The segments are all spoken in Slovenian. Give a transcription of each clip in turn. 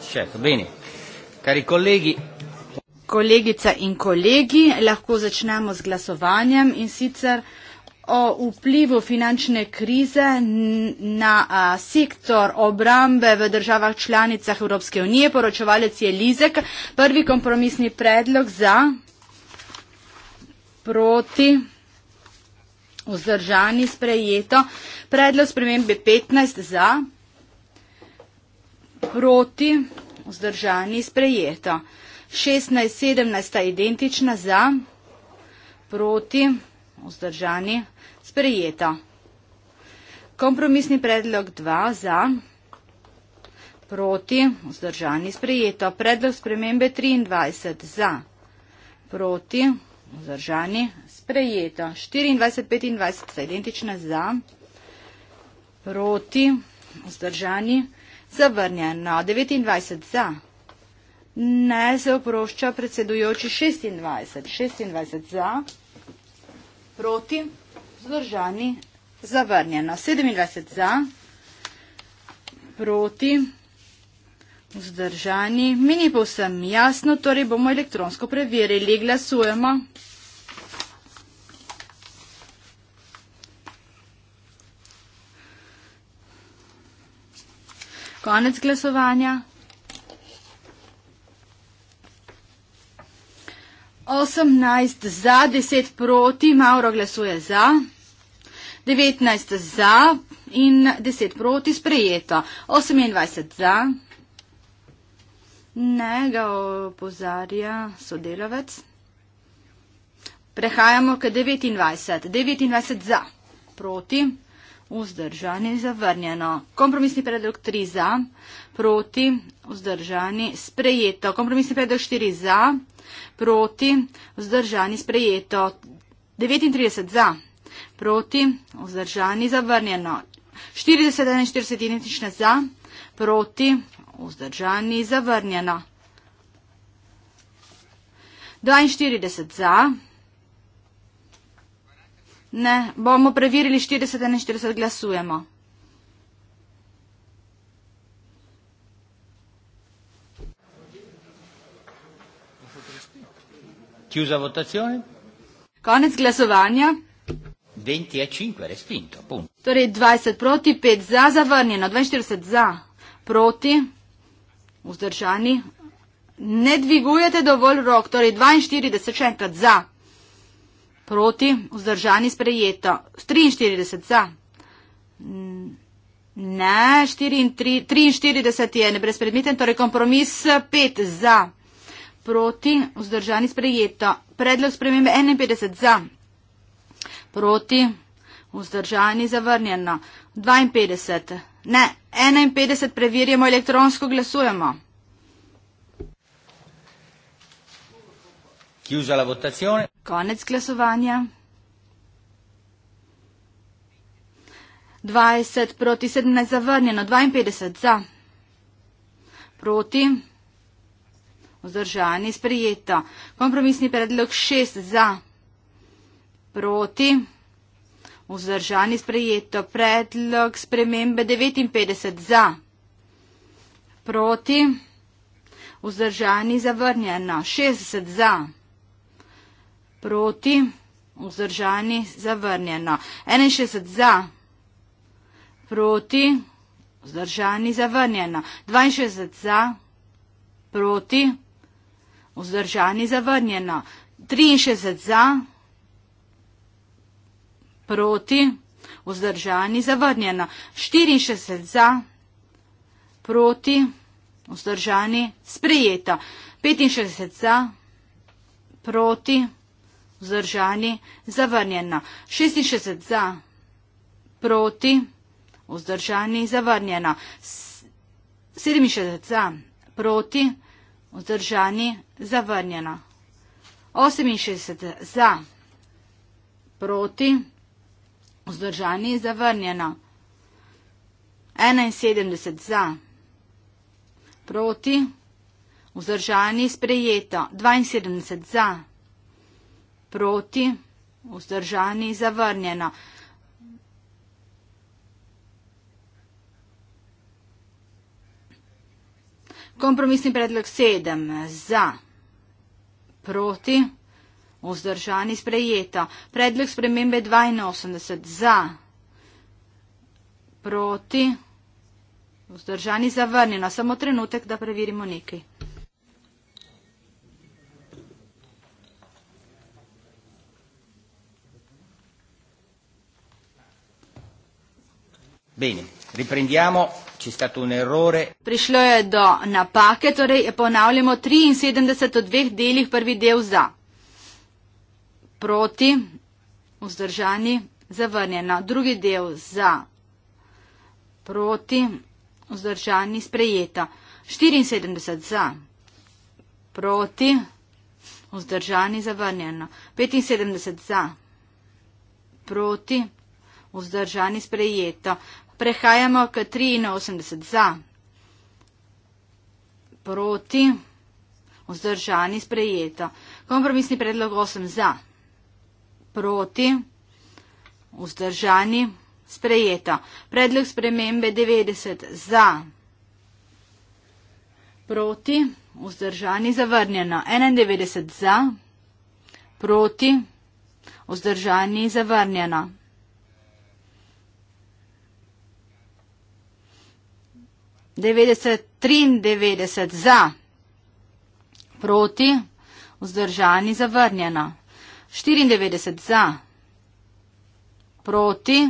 Certo, bene. Cari colleghi. Kolegica in kolegi, lahko začnemo z glasovanjem in sicer o vplivu finančne krize na a, sektor obrambe v državah članicah Evropske unije. Poročevalec je Lizek. Prvi kompromisni predlog za proti vzdržani sprejeto. Predlog spremembe 15 za proti, vzdržani, sprejeto. 16, 17 identična za, proti, vzdržani, sprejeto. Kompromisni predlog 2 za, proti, vzdržani, sprejeto. Predlog spremembe 23 za, proti, vzdržani, sprejeto. 24, 25 identična za, proti, vzdržani, sprejeto. Se vrnje na 29 za. Ne se oprošča predsedujoči 26. 26 za. Proti. Zdržani. Zavrnjeno. 27 za. Proti. Zdržani. Mi ni povsem jasno, torej bomo elektronsko preverili. Glasujemo. Glasujemo. Konec glasovanja. 18 za, 10 proti, Mauro glasuje za, 19 za in 10 proti sprejeto. 28 za, ne ga opozarja sodelovec. Prehajamo k 29, 29 za, proti vzdržani in zavrnjeno. Kompromisni predlog 3 za, proti, vzdržani, sprejeto. Kompromisni predlog 4 za, proti, vzdržani, sprejeto. 39 za, proti, vzdržani, zavrnjeno. 41 identične za, proti, vzdržani, zavrnjeno. 42 za, Ne, bomo preverili 40, 41 glasujemo. Chiusa votazione. Konec glasovanja. 25 respinto, punto. Torej 20 proti, 5 za, zavrnjeno, 42 za, proti, vzdržani. Ne dvigujete dovolj rok, torej 42 še enkrat za. Proti, vzdržani sprejeto. 43 za. Ne, 43 je nebrezpredmeten, torej kompromis 5 za. Proti, vzdržani sprejeto. Predlog spremembe 51 za. Proti, vzdržani zavrnjeno. 52. Ne, 51 preverjamo elektronsko glasujemo. Chiusa la votazione. Konec glasovanja. 20 proti 17 zavrnjeno, 52 za. Proti. Vzdržani sprejeto. Kompromisni predlog 6 za. Proti. Vzdržani sprejeto. Predlog spremembe 59 za. Proti. Vzdržani zavrnjeno. 60 za proti, vzdržani, zavrnjeno. 61 za, proti, vzdržani, zavrnjeno. 62 za, proti, vzdržani, zavrnjeno. 63 za, proti, vzdržani, zavrnjeno. 64 za, proti, vzdržani, sprejeto. 65 za, proti, vzdržani, zavrnjeno vzdržani, zavrnjeno. 66 za, proti, vzdržani, zavrnjeno. 67 za, proti, vzdržani, zavrnjeno. 68 za, proti, vzdržani, zavrnjeno. 71 za, proti, vzdržani, sprejeto. 72 za, proti, vzdržani, sprejeto proti, vzdržani, zavrnjeno. Kompromisni predlog sedem za, proti, vzdržani, sprejeto. Predlog spremembe 82 za, proti, vzdržani, zavrnjeno. Samo trenutek, da preverimo nekaj. Bene, riprendiamo, c'è stato un errore. Prišlo je do napake, torej ponavljamo 73 od dveh delih, prvi del za. Proti, vzdržani, zavrnjeno. Drugi del za. Proti, vzdržani, sprejeto. 74 za. Proti, vzdržani, zavrnjeno. 75 za. Proti, vzdržani, sprejeto. Prehajamo k 83 za. Proti. Vzdržani sprejeto. Kompromisni predlog 8 za. Proti. Vzdržani sprejeto. Predlog spremembe 90 za. Proti. Vzdržani zavrnjeno. 91 za. Proti. Vzdržani zavrnjeno. 90, 93 za, proti, vzdržani, zavrnjena. 94 za, proti,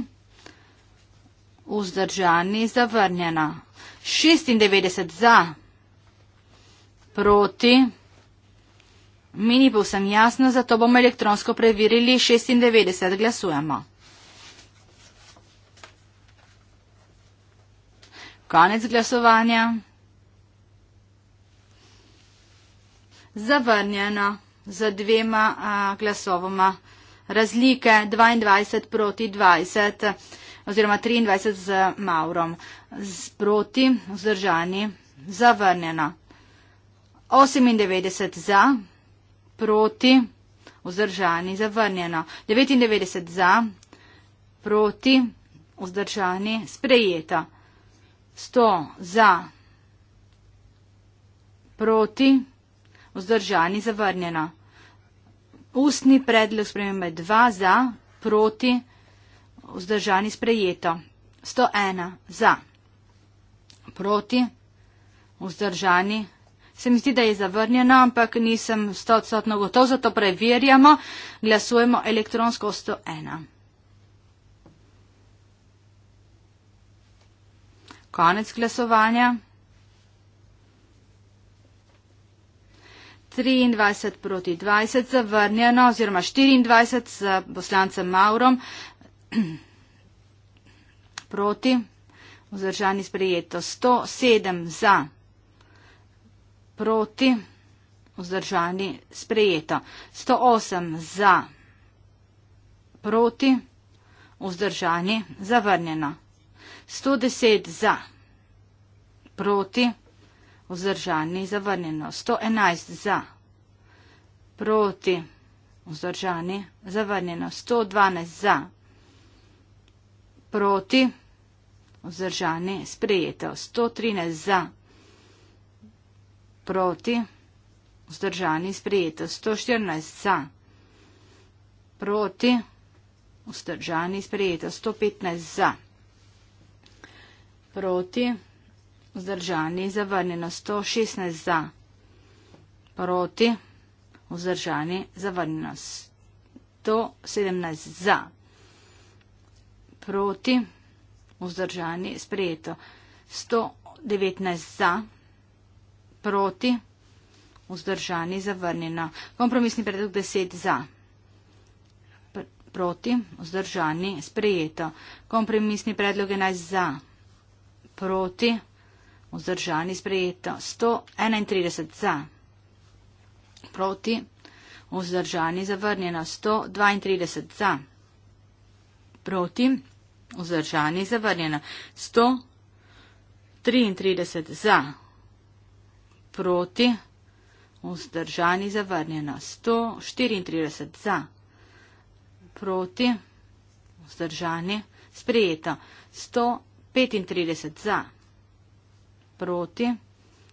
vzdržani, zavrnjena. 96 za, proti, mini bo sem jasno, zato bomo elektronsko preverili 96, glasujemo. Konec glasovanja. Zavrnjeno za dvema a, glasovoma razlike 22 proti 20 oziroma 23 z Maurom. Z proti vzdržani zavrnjeno. 98 za, proti vzdržani zavrnjeno. 99 za, proti vzdržani sprejeto sto za, proti, vzdržani, zavrnjeno. Ustni predlog spremembe dva za, proti, vzdržani, sprejeto. sto ena za, proti, vzdržani. Se mi zdi, da je zavrnjeno, ampak nisem 100% gotov, zato preverjamo. Glasujemo elektronsko 101. Konec glasovanja. 23 proti 20 zavrnjeno oziroma 24 z poslancem Maurom proti vzdržani sprejeto. 107 za proti vzdržani sprejeto. 108 za proti vzdržani zavrnjeno. 110 za, proti, vzdržani, zavrnjeno. 111 za, proti, vzdržani, zavrnjeno. 112 za, proti, vzdržani, sprejeto. 113 za, proti, vzdržani, sprejeto. 114 za, proti, vzdržani, sprejeto. 115 za proti, vzdržani, zavrnjeno 116 za, proti, vzdržani, zavrnjeno 117 za, proti, vzdržani, sprejeto 119 za, proti, vzdržani, zavrnjeno. Kompromisni predlog 10 za. Proti, vzdržani, sprejeto. Kompromisni predlog 11 za proti, vzdržani sprejeto, 131 za, proti, vzdržani zavrnjeno, 132 za, proti, vzdržani zavrnjeno, 133 za, proti, vzdržani zavrnjeno, 134 za, proti, vzdržani sprejeto, 131. 35 za, proti,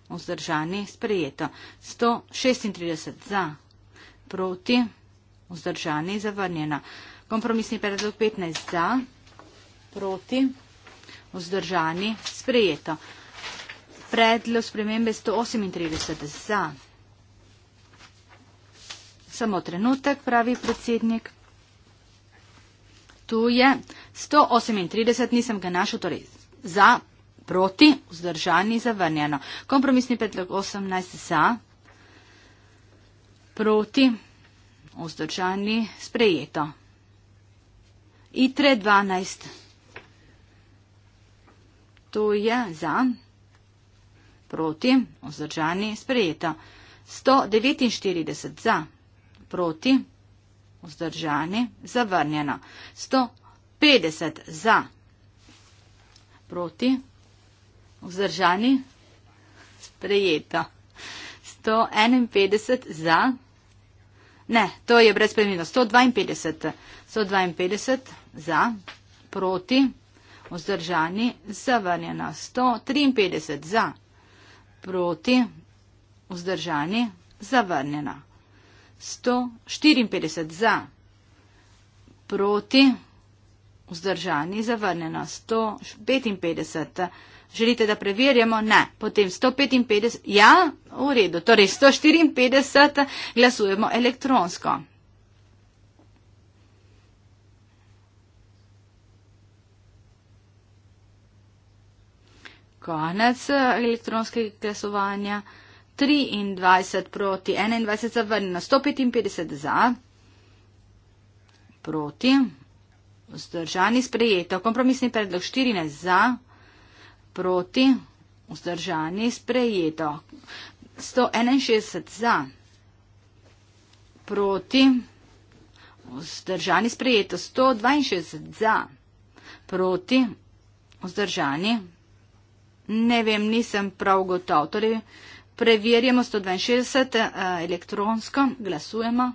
vzdržani, sprejeto. 136 za, proti, vzdržani, zavrnjeno. Kompromisni predlog 15 za, proti, vzdržani, sprejeto. Predlog spremembe 138 za. Samo trenutek, pravi predsednik. To je 138, nisem ga našel, torej za, proti, vzdržani, zavrnjeno. Kompromisni predlog 18 za, proti, vzdržani, sprejeto. ITRE 12. To je za, proti, vzdržani, sprejeto. 149 za, proti, vzdržani vzdržani, zavrnjeno. 150 za, proti, vzdržani, sprejeto. 151 za, ne, to je brezpremljeno, 152, 152 za, proti, vzdržani, zavrnjeno. 153 za, proti, vzdržani, zavrnjeno. 154 za, proti, vzdržani, zavrnjeno 155. Želite, da preverjamo? Ne. Potem 155. Ja, v redu. Torej 154 glasujemo elektronsko. Konec eh, elektronskega glasovanja. 23 proti 21 zavrnjen, 155 za, proti, vzdržani sprejeto, kompromisni predlog 14 za, proti, vzdržani sprejeto, 161 za, proti, vzdržani sprejeto, 162 za, proti, vzdržani, ne vem, nisem prav gotov. Torej, Preverjamo 162 eh, elektronsko, glasujemo.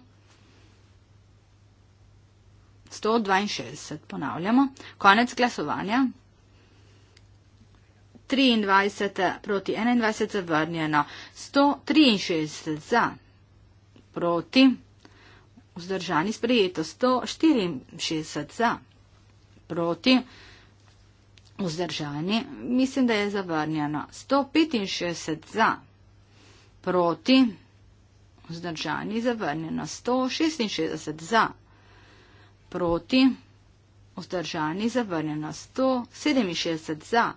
162, ponavljamo. Konec glasovanja. 23 eh, proti 21 zavrnjeno. 163 za proti. Vzdržani sprejeto. 164 za proti. Vzdržani. Mislim, da je zavrnjeno. 165 za proti proti, vzdržani, zavrnjeno 166 za, proti, vzdržani, zavrnjeno 167 za,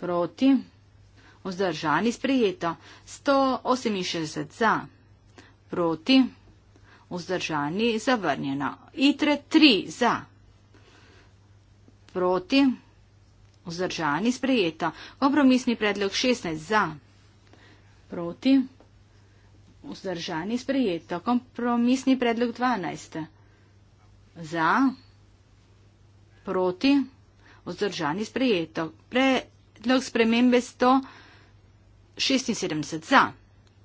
proti, vzdržani, sprejeto 168 za, proti, vzdržani, zavrnjeno itre 3 za, proti, vzdržani, sprejeto kompromisni predlog 16 za. Proti? Vzdržani sprejeto. Kompromisni predlog 12. Za? Proti? Vzdržani sprejeto. Predlog spremembe 176. Za?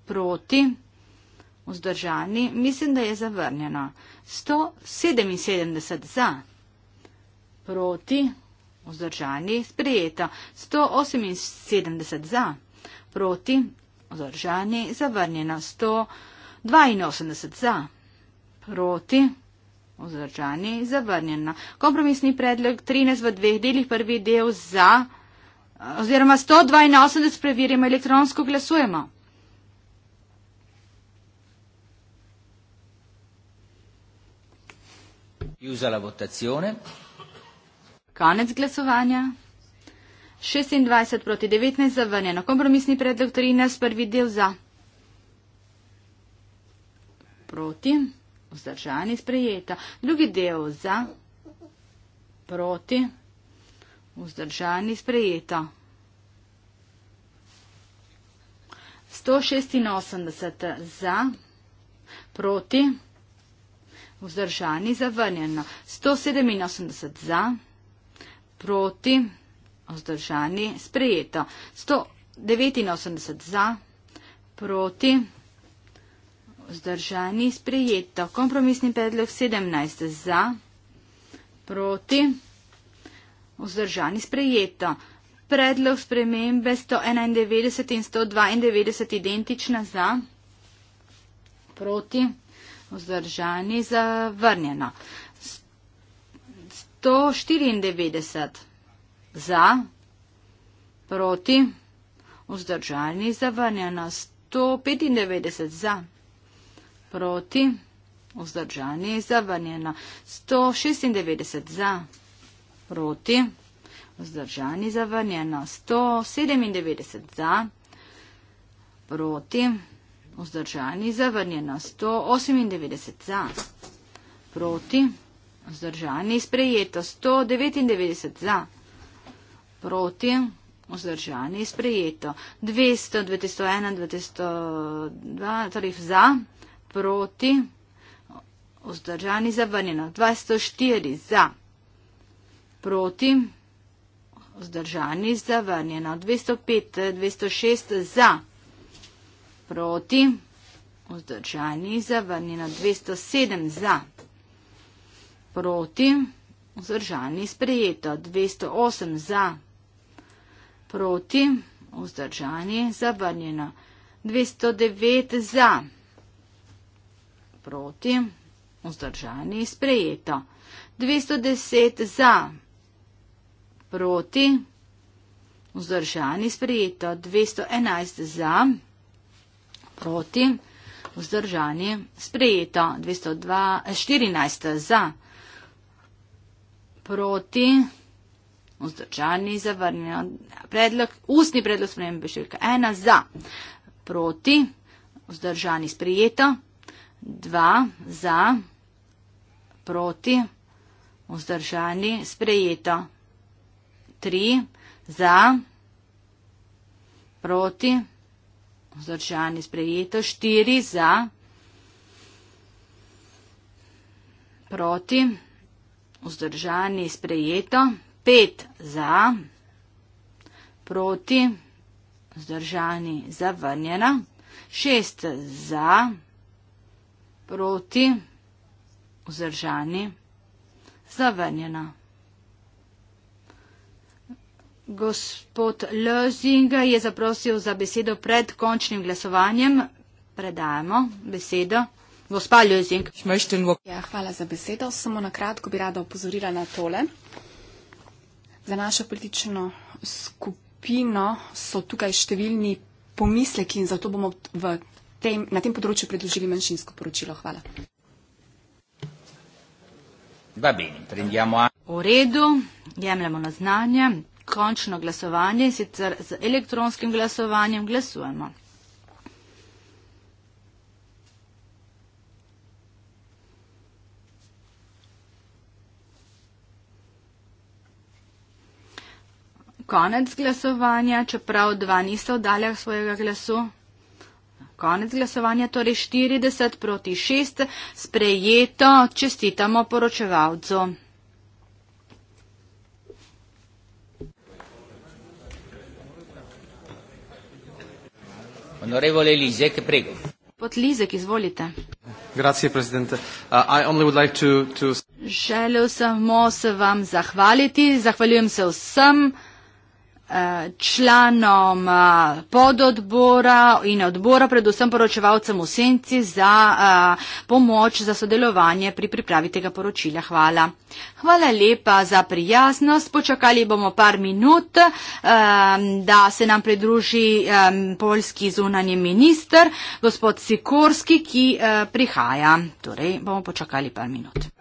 Proti? Vzdržani? Mislim, da je zavrnjeno. 177. Za? Proti? Vzdržani sprejeto. 178. Za? Proti? vzdržani, zavrnjeno 182 za, proti, vzdržani, zavrnjeno. Kompromisni predlog 13 v dveh delih, prvi del za, oziroma 182, preverimo elektronsko, glasujemo. Chiusa la votazione. Canez glasovania. 26 proti 19 zavrnjeno. Kompromisni predlog 13, prvi del za. Proti, vzdržani, sprejeta. Drugi del za, proti, vzdržani, sprejeta. 186 za, proti, vzdržani, zavrnjeno. 187 za, proti, vzdržani, sprejeta vzdržani, sprejeto. 189 za, proti, vzdržani, sprejeto. Kompromisni predlog 17 za, proti, vzdržani, sprejeto. Predlog spremembe 191 in 192 identična za, proti, vzdržani, zavrnjeno. 194 za, proti, vzdržani zavrnjeno 195 za, proti, vzdržani zavrnjeno 196 za, proti, vzdržani zavrnjeno 197 za, proti, vzdržani zavrnjeno 198 za, proti, vzdržani sprejeto 199 za, proti, proti, vzdržani, sprejeto. 200, 201, 202, torej za, proti, vzdržani, zavrnjeno. 204 za, proti, vzdržani, zavrnjeno. 205, 206 za, proti, vzdržani, zavrnjeno. 207 za, proti, vzdržani, sprejeto. 208 za, proti proti, vzdržani, zavrnjeno. 209 za, proti, vzdržani, sprejeto. 210 za, proti, vzdržani, sprejeto. 211 za, proti, vzdržani, sprejeto. 214 za, proti, vzdržani, sprejeto vzdržani zavrnjeno. Predlog, ustni predlog spremembe številka ena za, proti, vzdržani sprijeto, dva za, proti, vzdržani sprijeto, tri za, proti, vzdržani sprijeto, štiri za, proti, vzdržani sprijeto, 5 za, proti, zdržani, zavrnjena, 6 za, proti, zdržani, zavrnjena. Gospod Lozing je zaprosil za besedo pred končnim glasovanjem. Predajamo besedo. Gospa Lozing. Ja, hvala za besedo. Samo na kratko bi rada opozorila na tole. Za našo politično skupino so tukaj številni pomisleki in zato bomo v tem, na tem področju predložili manjšinsko poročilo. Hvala. V redu, jemljemo na znanje. Končno glasovanje, sicer z elektronskim glasovanjem glasujemo. konec glasovanja, čeprav dva nista v daljah svojega glasu. Konec glasovanja, torej 40 proti 6, sprejeto, čestitamo poročevalcu. Onorevole Lize, ki prego. Pod Lizek, izvolite. Grazie, prezidente. Uh, like to... Želel sem se vam zahvaliti, zahvaljujem se vsem članom eh, pododbora in odbora, predvsem poročevalcem v senci za eh, pomoč, za sodelovanje pri pripravi tega poročila. Hvala. Hvala lepa za prijaznost. Počakali bomo par minut, eh, da se nam pridruži polski zunanje minister, gospod Sikorski, ki prihaja. Torej bomo počakali par minut.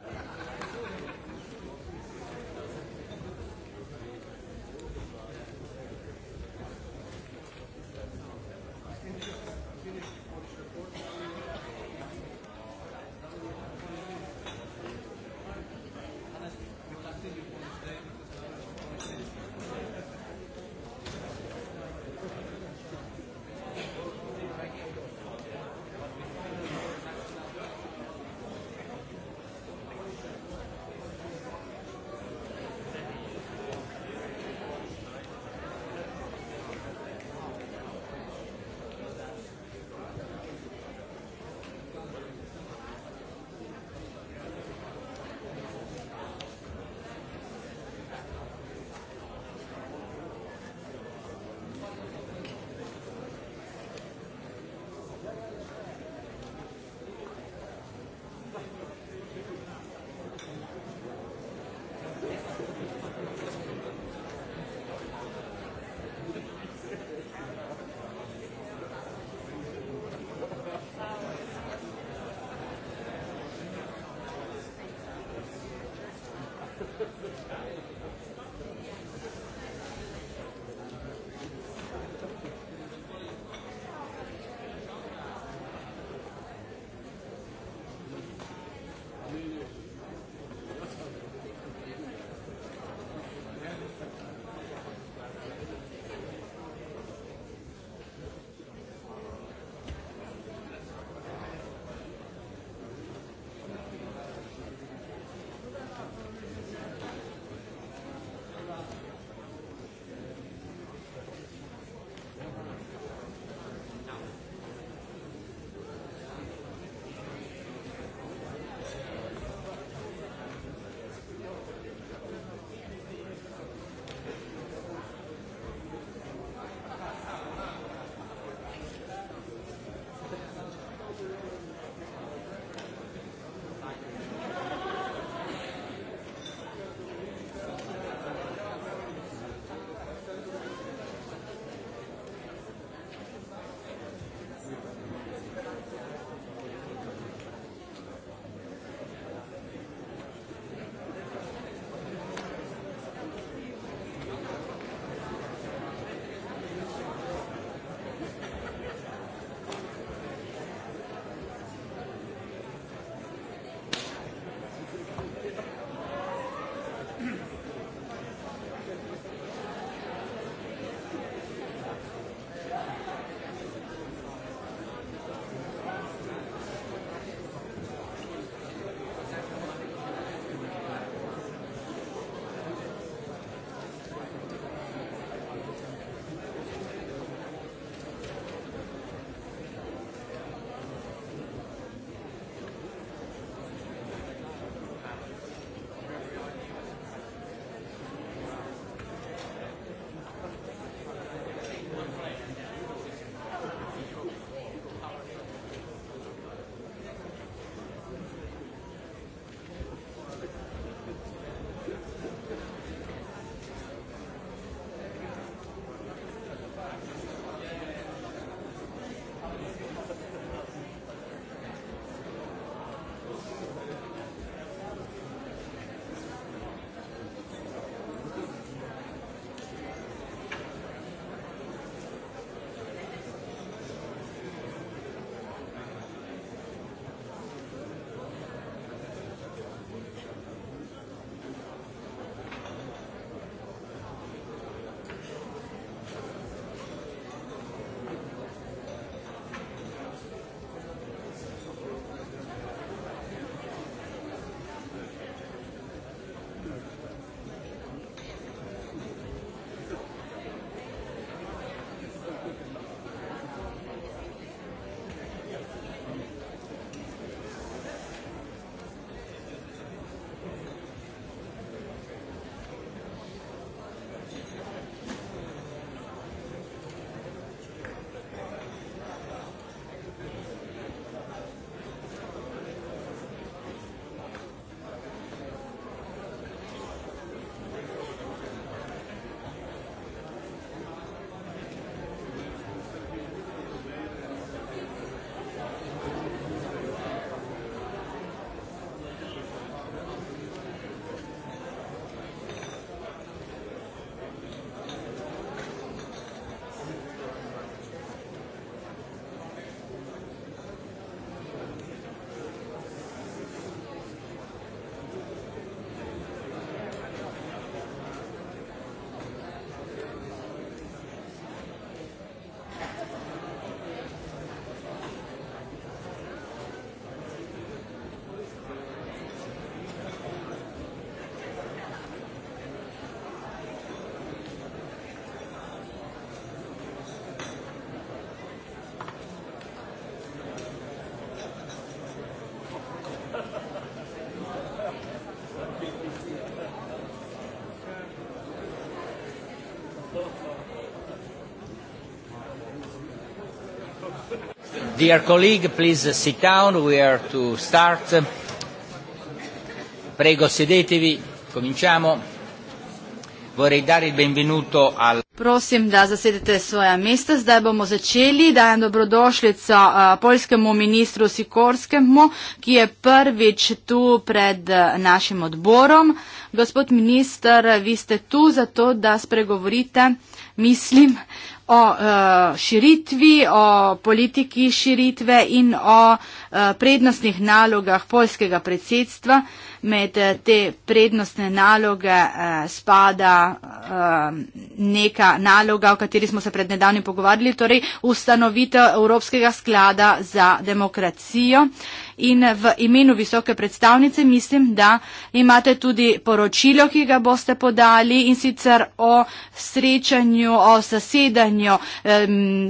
Dear colleague, please sit down. We are to start. Prego, sedetevi. Cominciamo. Vorrei dare il benvenuto al... Prosim, da zasedete svoja mesta. Zdaj bomo začeli. Dajem dobrodošljico uh, poljskemu ministru Sikorskemu, ki je prvič tu pred uh, našim odborom. Gospod minister, vi ste tu zato, da spregovorite, mislim, o eh, širitvi, o politiki širitve in o eh, prednostnih nalogah polskega predsedstva. Med eh, te prednostne naloge spada neka naloga, o kateri smo se pred nedavnim pogovarjali, torej ustanovitev Evropskega sklada za demokracijo in v imenu visoke predstavnice mislim, da imate tudi poročilo, ki ga boste podali in sicer o srečanju, o zasedanju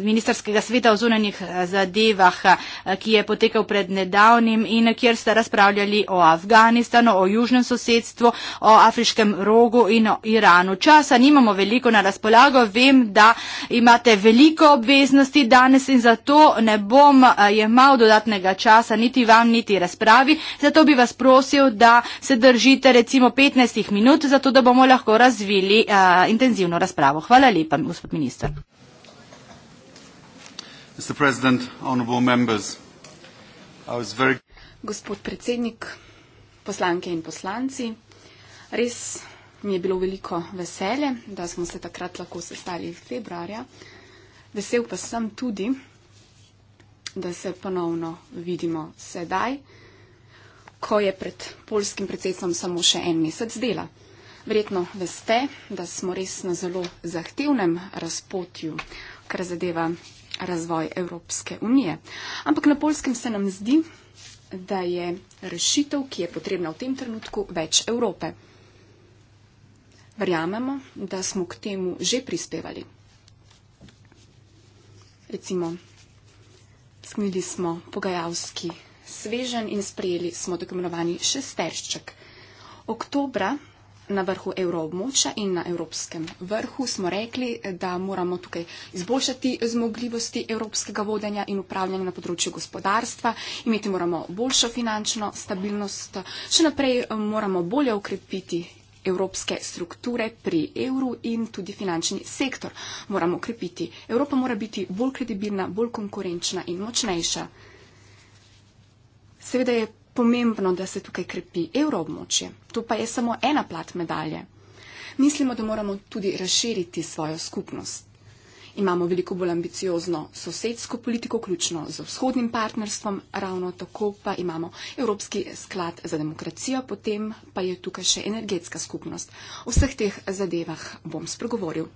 ministerskega sveta o zunanjih eh, zadevah, eh, ki je potekal pred nedavnim in kjer ste razpravljali o Afganistanu, o južnem sosedstvu, o afriškem rogu in o Iranu. Časa nimamo veliko na razpolago, vem, da imate veliko obveznosti danes in zato ne bom eh, jemal dodatnega časa niti vam program niti razpravi, zato bi vas prosil, da se držite recimo 15 minut, zato da bomo lahko razvili uh, intenzivno razpravo. Hvala lepa, gospod minister. Very... Gospod predsednik, poslanke in poslanci, res mi je bilo veliko veselje, da smo se takrat lahko sestali februarja. Vesel pa sem tudi, da se ponovno vidimo sedaj, ko je pred polskim predsedstvom samo še en mesec dela. Verjetno veste, da smo res na zelo zahtevnem razpotju, kar zadeva razvoj Evropske unije. Ampak na polskem se nam zdi, da je rešitev, ki je potrebna v tem trenutku, več Evrope. Verjamemo, da smo k temu že prispevali. Recimo sklenili smo pogajalski svežen in sprejeli smo tako imenovani šestersček. Oktobra na vrhu evroobmoča in na evropskem vrhu smo rekli, da moramo tukaj izboljšati zmogljivosti evropskega vodenja in upravljanja na področju gospodarstva, imeti moramo boljšo finančno stabilnost, še naprej eh, moramo bolje ukrepiti evropske strukture pri evru in tudi finančni sektor moramo krepiti. Evropa mora biti bolj kredibilna, bolj konkurenčna in močnejša. Seveda je pomembno, da se tukaj krepi evroobmočje. To pa je samo ena plat medalje. Mislimo, da moramo tudi razširiti svojo skupnost. Imamo veliko bolj ambiciozno sosedsko politiko, ključno z vzhodnim partnerstvom, ravno tako pa imamo Evropski sklad za demokracijo, potem pa je tukaj še energetska skupnost. O vseh teh zadevah bom spregovoril.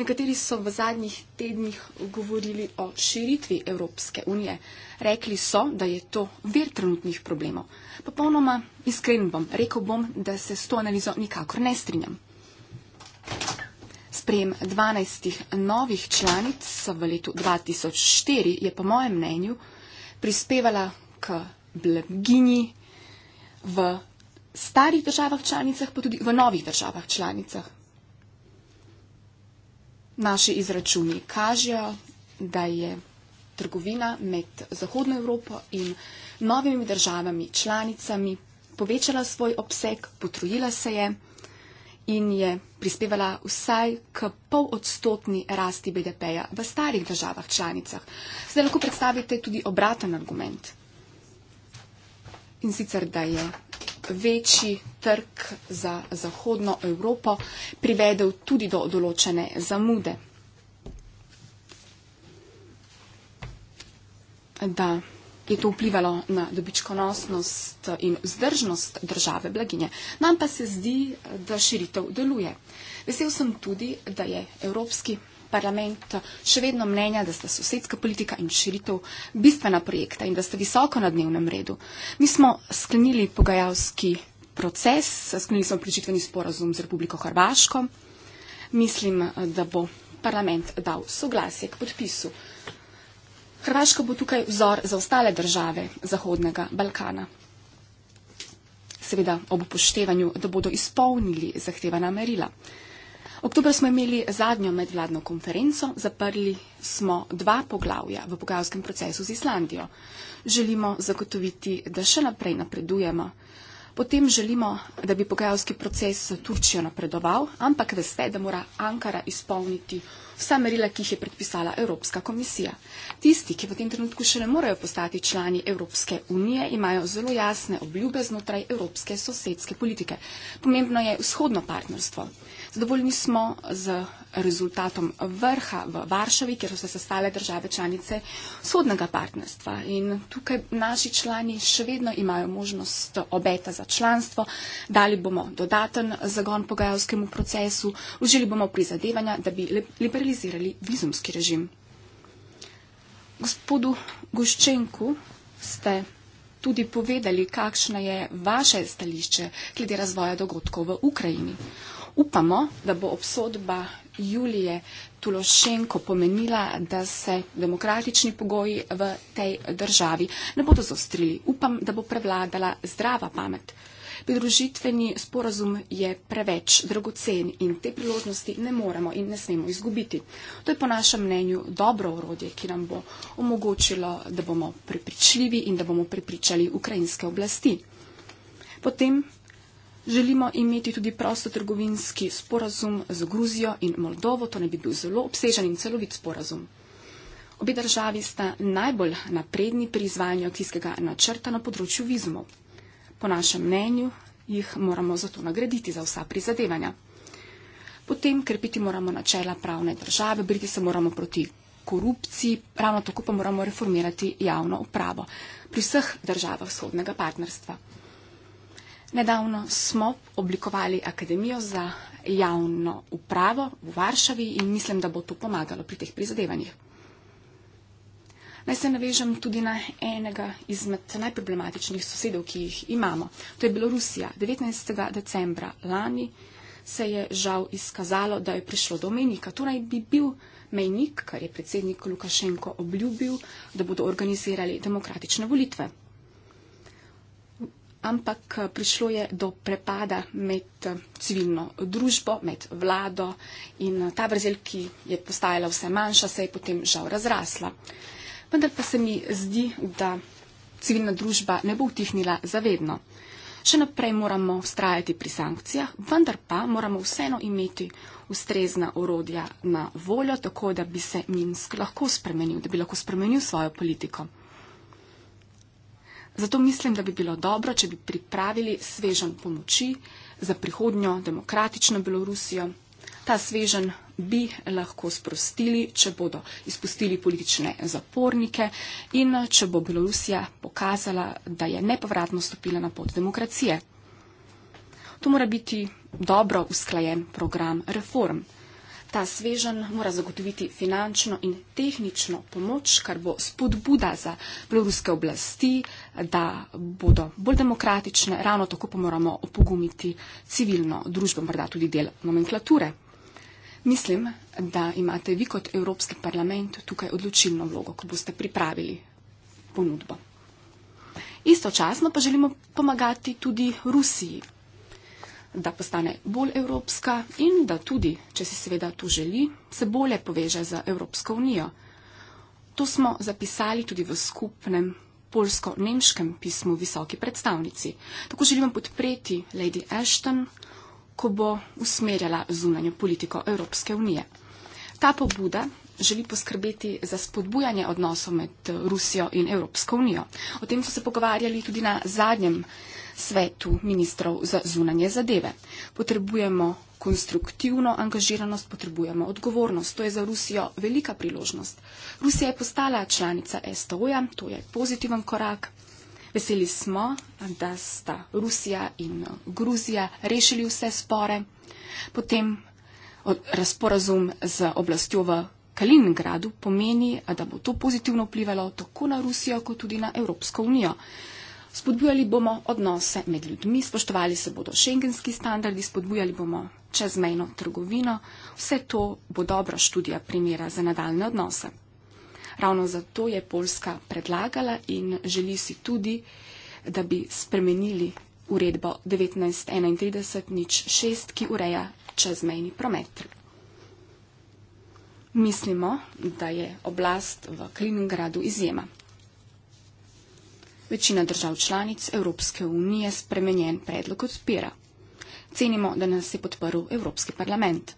Nekateri so v zadnjih tednih govorili o širitvi Evropske unije. Rekli so, da je to vir trenutnih problemov. Popolnoma iskren bom, rekel bom, da se s to analizo nikakor ne strinjam. Sprejem 12 novih članic v letu 2004 je po mojem mnenju prispevala k blaginji v starih državah članicah, pa tudi v novih državah članicah. Naši izračuni kažejo, da je trgovina med Zahodno Evropo in novimi državami članicami povečala svoj obseg, potrujila se je in je prispevala vsaj k pol odstotni rasti BDP-ja v starih državah članicah. Zdaj lahko predstavite tudi obraten argument. In sicer, da je večji trg za Zahodno Evropo privedel tudi do določene zamude. Da je to vplivalo na dobičkonosnost in vzdržnost države blaginje. Nam pa se zdi, da širitev deluje. Vesel sem tudi, da je Evropski parlament še vedno mnenja, da sta sosedska politika in širitev bistvena projekta in da sta visoko na dnevnem redu. Mi smo sklenili pogajalski proces, sklenili smo pričitveni sporazum z Republiko Hrvaško. Mislim, da bo parlament dal soglasje k podpisu Hrvaška bo tukaj vzor za ostale države Zahodnega Balkana. Seveda ob upoštevanju, da bodo izpolnili zahtevana merila. Oktober smo imeli zadnjo medvladno konferenco, zaprli smo dva poglavja v pogajalskem procesu z Islandijo. Želimo zagotoviti, da še naprej napredujemo. Potem želimo, da bi pogajalski proces s Turčijo napredoval, ampak veste, da mora Ankara izpolniti vsa merila, ki jih je predpisala Evropska komisija. Tisti, ki v tem trenutku še ne morejo postati člani Evropske unije, imajo zelo jasne obljube znotraj evropske sosedske politike. Pomembno je vzhodno partnerstvo. Zadovoljni smo z rezultatom vrha v Varšavi, kjer so se sestale države članice sodnega partnerstva. In tukaj naši člani še vedno imajo možnost obeta za članstvo, dali bomo dodaten zagon pogajalskemu procesu, vložili bomo prizadevanja, da bi liberalizirali vizumski režim. Gospodu Guščenku ste tudi povedali, kakšno je vaše stališče glede razvoja dogodkov v Ukrajini upamo, da bo obsodba Julije Tulošenko pomenila, da se demokratični pogoji v tej državi ne bodo zostrili. Upam, da bo prevladala zdrava pamet. Pridružitveni sporazum je preveč dragocen in te priložnosti ne moremo in ne smemo izgubiti. To je po našem mnenju dobro urodje, ki nam bo omogočilo, da bomo prepričljivi in da bomo prepričali ukrajinske oblasti. Potem Želimo imeti tudi prostotrgovinski sporazum z Gruzijo in Moldovo, to ne bi bil zelo obsežen in celovit sporazum. Obe državi sta najbolj napredni pri izvajanju akcijskega načrta na področju vizumov. Po našem mnenju jih moramo zato nagraditi za vsa prizadevanja. Potem krepiti moramo načela pravne države, briti se moramo proti korupciji, ravno tako pa moramo reformirati javno upravo pri vseh državah vzhodnega partnerstva. Nedavno smo oblikovali Akademijo za javno upravo v Varšavi in mislim, da bo to pomagalo pri teh prizadevanjih. Naj se navežem tudi na enega izmed najproblematičnih sosedov, ki jih imamo. To je Belorusija. 19. decembra lani se je žal izkazalo, da je prišlo do menika. Torej bi bil menik, kar je predsednik Lukašenko obljubil, da bodo organizirali demokratične volitve ampak eh, prišlo je do prepada med eh, civilno družbo, med vlado in eh, ta vrzel, ki je postajala vse manjša, se je potem žal razrasla. Vendar pa se mi zdi, da civilna družba ne bo utihnila zavedno. Še naprej moramo vztrajati pri sankcijah, vendar pa moramo vseeno imeti ustrezna orodja na voljo, tako da bi se Minsk lahko spremenil, da bi lahko spremenil svojo politiko. Zato mislim, da bi bilo dobro, če bi pripravili svežen pomoči za prihodnjo demokratično Belorusijo. Ta svežen bi lahko sprostili, če bodo izpustili politične zapornike in če bo Belorusija pokazala, da je nepovratno stopila na pot demokracije. To mora biti dobro usklajen program reform. Ta svežen mora zagotoviti finančno in tehnično pomoč, kar bo spodbuda za beloruske oblasti, da bodo bolj demokratične. Ravno tako pa moramo opogumiti civilno družbo, morda tudi del nomenklature. Mislim, da imate vi kot Evropski parlament tukaj odločilno vlogo, ko boste pripravili ponudbo. Istočasno pa želimo pomagati tudi Rusiji da postane bolj evropska in da tudi, če si seveda to želi, se bolje poveže z Evropsko unijo. To smo zapisali tudi v skupnem polsko-nemškem pismu visoki predstavnici. Tako želimo podpreti Lady Ashton, ko bo usmerjala zunanjo politiko Evropske unije. Ta pobuda želi poskrbeti za spodbujanje odnosov med Rusijo in Evropsko unijo. O tem so se pogovarjali tudi na zadnjem svetu ministrov za zunanje zadeve. Potrebujemo konstruktivno angažiranost, potrebujemo odgovornost. To je za Rusijo velika priložnost. Rusija je postala članica STO-ja, to je pozitiven korak. Veseli smo, da sta Rusija in Gruzija rešili vse spore. Potem razporazum z oblastjo v Kaliningradu pomeni, da bo to pozitivno vplivalo tako na Rusijo, kot tudi na Evropsko unijo. Spodbujali bomo odnose med ljudmi, spoštovali se bodo šengenski standardi, spodbujali bomo čezmejno trgovino. Vse to bo dobra študija primera za nadaljne odnose. Ravno zato je Poljska predlagala in želi si tudi, da bi spremenili uredbo 1931-06, ki ureja čezmejni promet mislimo, da je oblast v Kaliningradu izjema. Večina držav članic Evropske unije spremenjen predlog odpira. Cenimo, da nas je podporil Evropski parlament.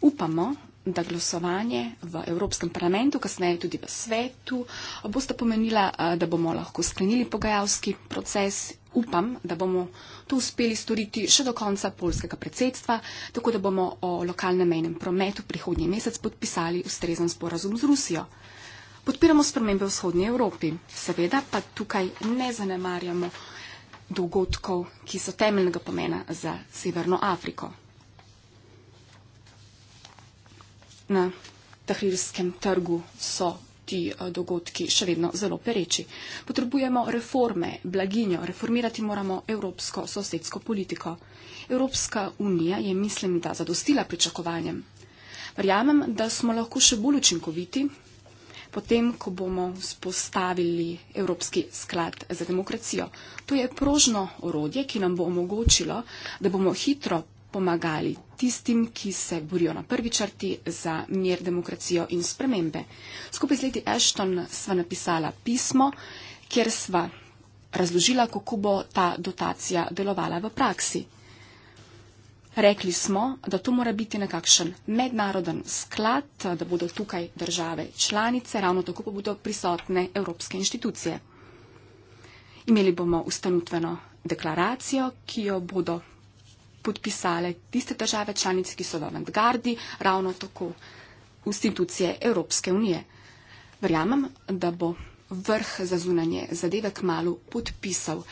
Upamo, da glasovanje v Evropskem parlamentu, kasneje tudi v svetu, boste pomenila, da bomo lahko sklenili pogajalski proces. Upam, da bomo to uspeli storiti še do konca polskega predsedstva, tako da bomo o lokalnem menem prometu prihodnji mesec podpisali ustrezen sporazum z Rusijo. Podpiramo spremembe v vzhodnji Evropi, seveda pa tukaj ne zanemarjamo dogodkov, ki so temeljnega pomena za Severno Afriko. na tahrirskem trgu so ti eh, dogodki še vedno zelo pereči. Potrebujemo reforme, blaginjo, reformirati moramo evropsko sosedsko politiko. Evropska unija je, mislim, da zadostila pričakovanjem. Verjamem, da smo lahko še bolj učinkoviti, potem, ko bomo spostavili Evropski sklad za demokracijo. To je prožno orodje, ki nam bo omogočilo, da bomo hitro pomagali tistim, ki se borijo na prvi črti za mir, demokracijo in spremembe. Skupaj z Leti Ashton sva napisala pismo, kjer sva razložila, kako bo ta dotacija delovala v praksi. Rekli smo, da to mora biti nekakšen mednaroden sklad, da bodo tukaj države članice, ravno tako pa bodo prisotne evropske inštitucije. Imeli bomo ustanutveno deklaracijo, ki jo bodo podpisale tiste države članice, ki so v avantgardi, ravno tako institucije Evropske unije. Verjamem, da bo vrh za zunanje zadeve k malu podpisal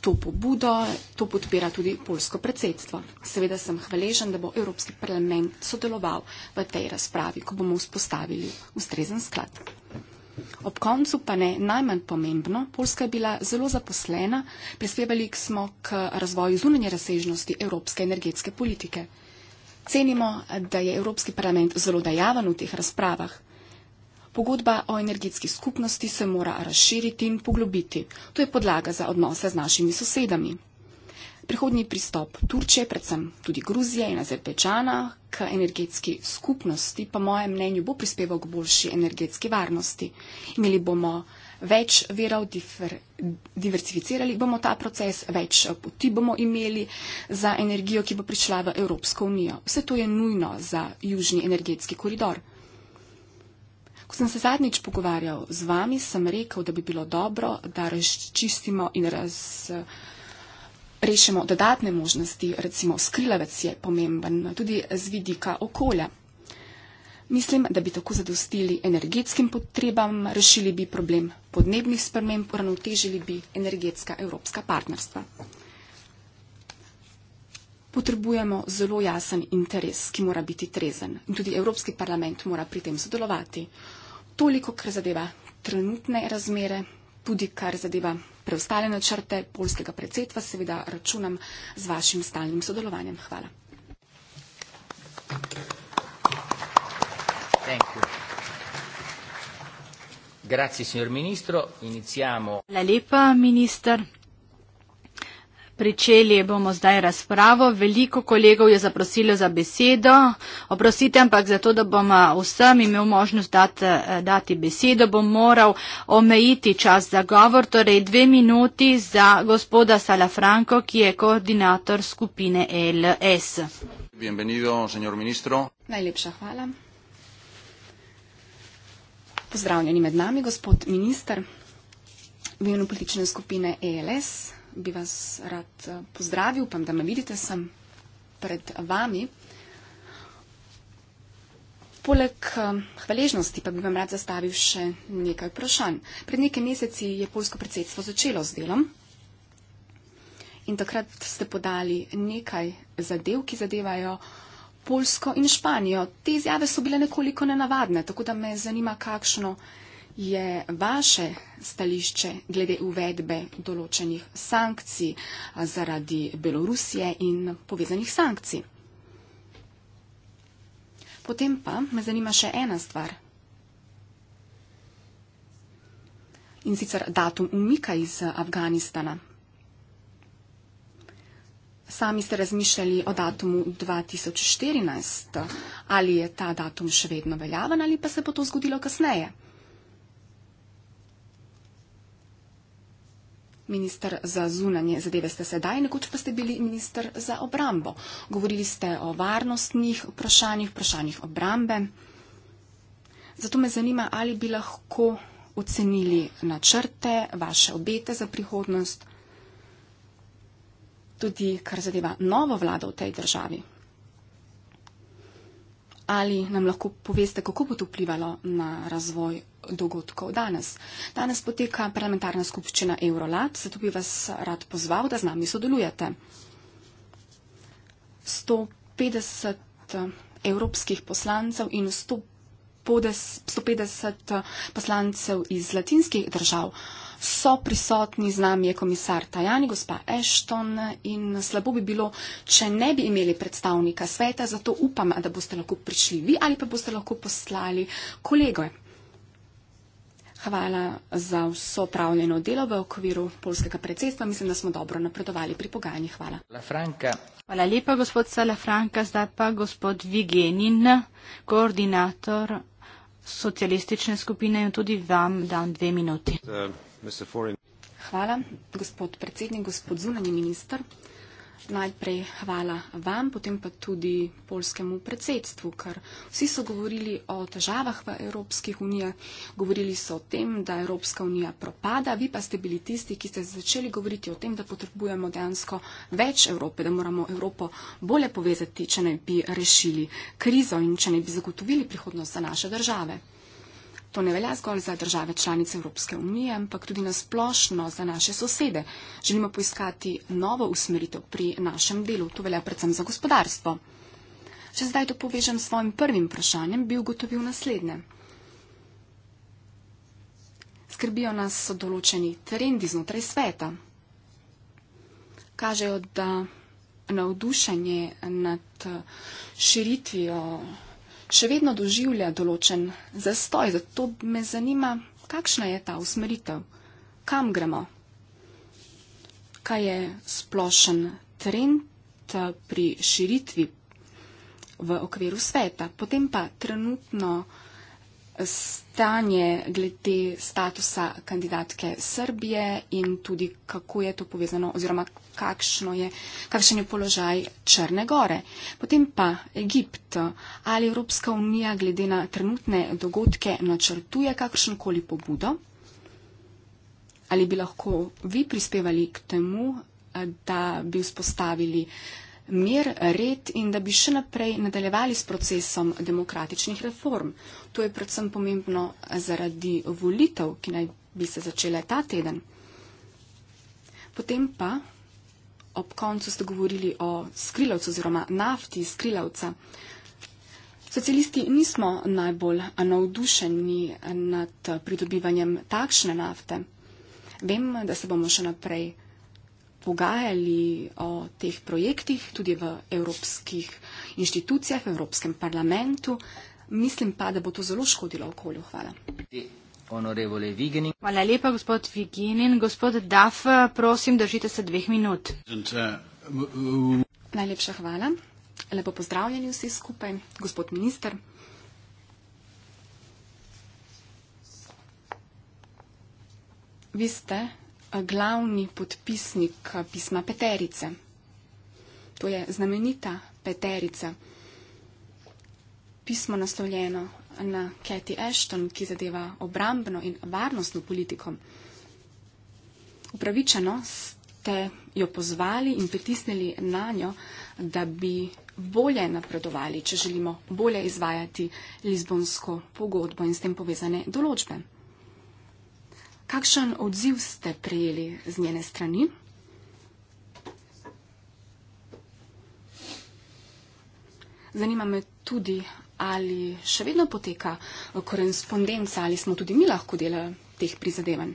to pobudo, to podpira tudi polsko predsedstvo. Seveda sem hvaležen, da bo Evropski parlament sodeloval v tej razpravi, ko bomo vzpostavili ustrezen sklad. Ob koncu pa ne najmanj pomembno, Poljska je bila zelo zaposlena, prispevali smo k razvoju zunanje razsežnosti evropske energetske politike. Cenimo, da je Evropski parlament zelo dejavan v teh razpravah. Pogodba o energetski skupnosti se mora razširiti in poglobiti. To je podlaga za odnose z našimi sosedami. Prihodni pristop Turčije, predvsem tudi Gruzije in Azerbejčana k energetski skupnosti, po mojem mnenju, bo prispeval k boljši energetski varnosti. Imeli bomo več verov, difer, diversificirali bomo ta proces, več poti bomo imeli za energijo, ki bo prišla v Evropsko unijo. Vse to je nujno za južni energetski koridor. Ko sem se zadnjič pogovarjal z vami, sem rekel, da bi bilo dobro, da razčistimo in razčistimo rešimo dodatne možnosti, recimo skrilavec je pomemben tudi z vidika okolja. Mislim, da bi tako zadostili energetskim potrebam, rešili bi problem podnebnih sprememb, uravnotežili bi energetska evropska partnerstva. Potrebujemo zelo jasen interes, ki mora biti trezen in tudi Evropski parlament mora pri tem sodelovati. Toliko, kar zadeva trenutne razmere, tudi kar zadeva preostale načrte polskega predsedstva, seveda računam z vašim stalnim sodelovanjem. Hvala. Hvala lepa, minister. Pričeli bomo zdaj razpravo. Veliko kolegov je zaprosilo za besedo. Oprostite, ampak zato, da bom eh, vsem imel možnost dati, eh, dati besedo, bom moral omejiti čas za govor, torej dve minuti za gospoda Salafranko, ki je koordinator skupine LS. Najlepša hvala. Pozdravljeni med nami, gospod minister. V imenu politične skupine ELS bi vas rad eh, pozdravil, upam, da me vidite, sem pred vami. Poleg eh, hvaležnosti pa bi vam rad zastavil še nekaj vprašanj. Pred nekaj meseci je polsko predsedstvo začelo z delom in takrat ste podali nekaj zadev, ki zadevajo Polsko in Španijo. Te izjave so bile nekoliko nenavadne, tako da me zanima, kakšno je vaše stališče glede uvedbe določenih sankcij zaradi Belorusije in povezanih sankcij? Potem pa me zanima še ena stvar. In sicer datum umika iz Afganistana. Sami ste razmišljali o datumu 2014. Ali je ta datum še vedno veljaven ali pa se bo to zgodilo kasneje? minister za zunanje zadeve ste sedaj, nekoč pa ste bili minister za obrambo. Govorili ste o varnostnih vprašanjih, vprašanjih obrambe. Zato me zanima, ali bi lahko ocenili načrte, vaše obete za prihodnost, tudi kar zadeva novo vlado v tej državi ali nam lahko poveste, kako bo to vplivalo na razvoj dogodkov danes. Danes poteka parlamentarna skupščina Eurolat, zato bi vas rad pozval, da z nami sodelujete. 150 eh, evropskih poslancev in 150 150 eh, poslancev iz latinskih držav. So prisotni z nami je komisar Tajani, gospa Ashton in slabo bi bilo, če ne bi imeli predstavnika sveta, zato upam, da boste lahko prišli vi ali pa boste lahko poslali kolego. Hvala za vso pravljeno delo v okviru polskega predsedstva. Mislim, da smo dobro napredovali pri pogajanjih. Hvala. Hvala lepa, gospod Salafranka. Zdaj pa gospod Vigenin, koordinator socialistične skupine in tudi vam dam dve minuti. Uh, Hvala, gospod predsednik, gospod zunanji minister najprej hvala vam, potem pa tudi polskemu predsedstvu, ker vsi so govorili o težavah v Evropskih unijah, govorili so o tem, da Evropska unija propada, vi pa ste bili tisti, ki ste začeli govoriti o tem, da potrebujemo dejansko več Evrope, da moramo Evropo bolje povezati, če ne bi rešili krizo in če ne bi zagotovili prihodnost za naše države. To ne velja zgolj za države članice Evropske unije, ampak tudi nasplošno za naše sosede. Želimo poiskati novo usmeritev pri našem delu. To velja predvsem za gospodarstvo. Če zdaj to povežem s svojim prvim vprašanjem, bi ugotovil naslednje. Skrbijo nas so določeni trendi znotraj sveta. Kažejo, da navdušenje nad širitvijo še vedno doživlja določen zastoj. Zato me zanima, kakšna je ta usmeritev, kam gremo, kaj je splošen trend eh, pri širitvi v okviru sveta, potem pa trenutno stanje glede statusa kandidatke Srbije in tudi kako je to povezano oziroma kakšno je, kakšen je položaj Črne gore. Potem pa Egipt. Ali Evropska unija glede na trenutne dogodke načrtuje kakršnokoli pobudo? Ali bi lahko vi prispevali k temu, da bi vzpostavili uh, mir, red in da bi še naprej nadaljevali s procesom demokratičnih reform. To je predvsem pomembno zaradi volitev, ki naj bi se začele ta teden. Potem pa ob koncu ste govorili o skrilavcu oziroma nafti skrilavca. Socialisti nismo najbolj navdušeni nad pridobivanjem takšne nafte. Vem, da se bomo še naprej pogajali o teh projektih tudi v evropskih inštitucijah, v Evropskem parlamentu. Mislim pa, da bo to zelo škodilo okolju. Hvala. Hvala lepa, gospod Viginin. Gospod Daf, prosim, držite se dveh minut. Najlepša hvala. Lepo pozdravljeni vsi skupaj. Gospod minister. Vi ste glavni podpisnik eh, pisma Peterice. To je znamenita Peterica. Pismo naslovljeno na Kathy Ashton, ki zadeva obrambno in varnostno politiko. Upravičeno ste jo pozvali in pritisnili na njo, da bi bolje napredovali, če želimo bolje izvajati Lizbonsko pogodbo in s tem povezane določbe. Kakšen odziv ste prejeli z njene strani? Zanima me tudi, ali še vedno poteka korespondenca, ali smo tudi mi lahko del teh prizadevanj.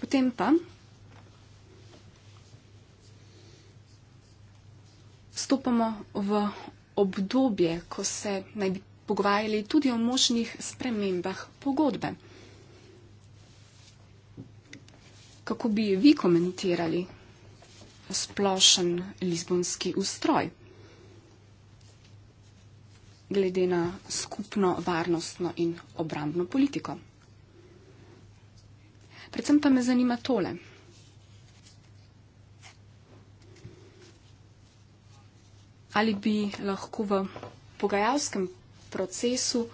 Potem pa. Stopamo v obdobje, ko se naj bi pogovarjali tudi o možnih spremembah pogodbe. Kako bi vi komentirali splošen lizbonski ustroj? glede na skupno varnostno in obrambno politiko. Predvsem pa me zanima tole. Ali bi lahko v pogajalskem procesu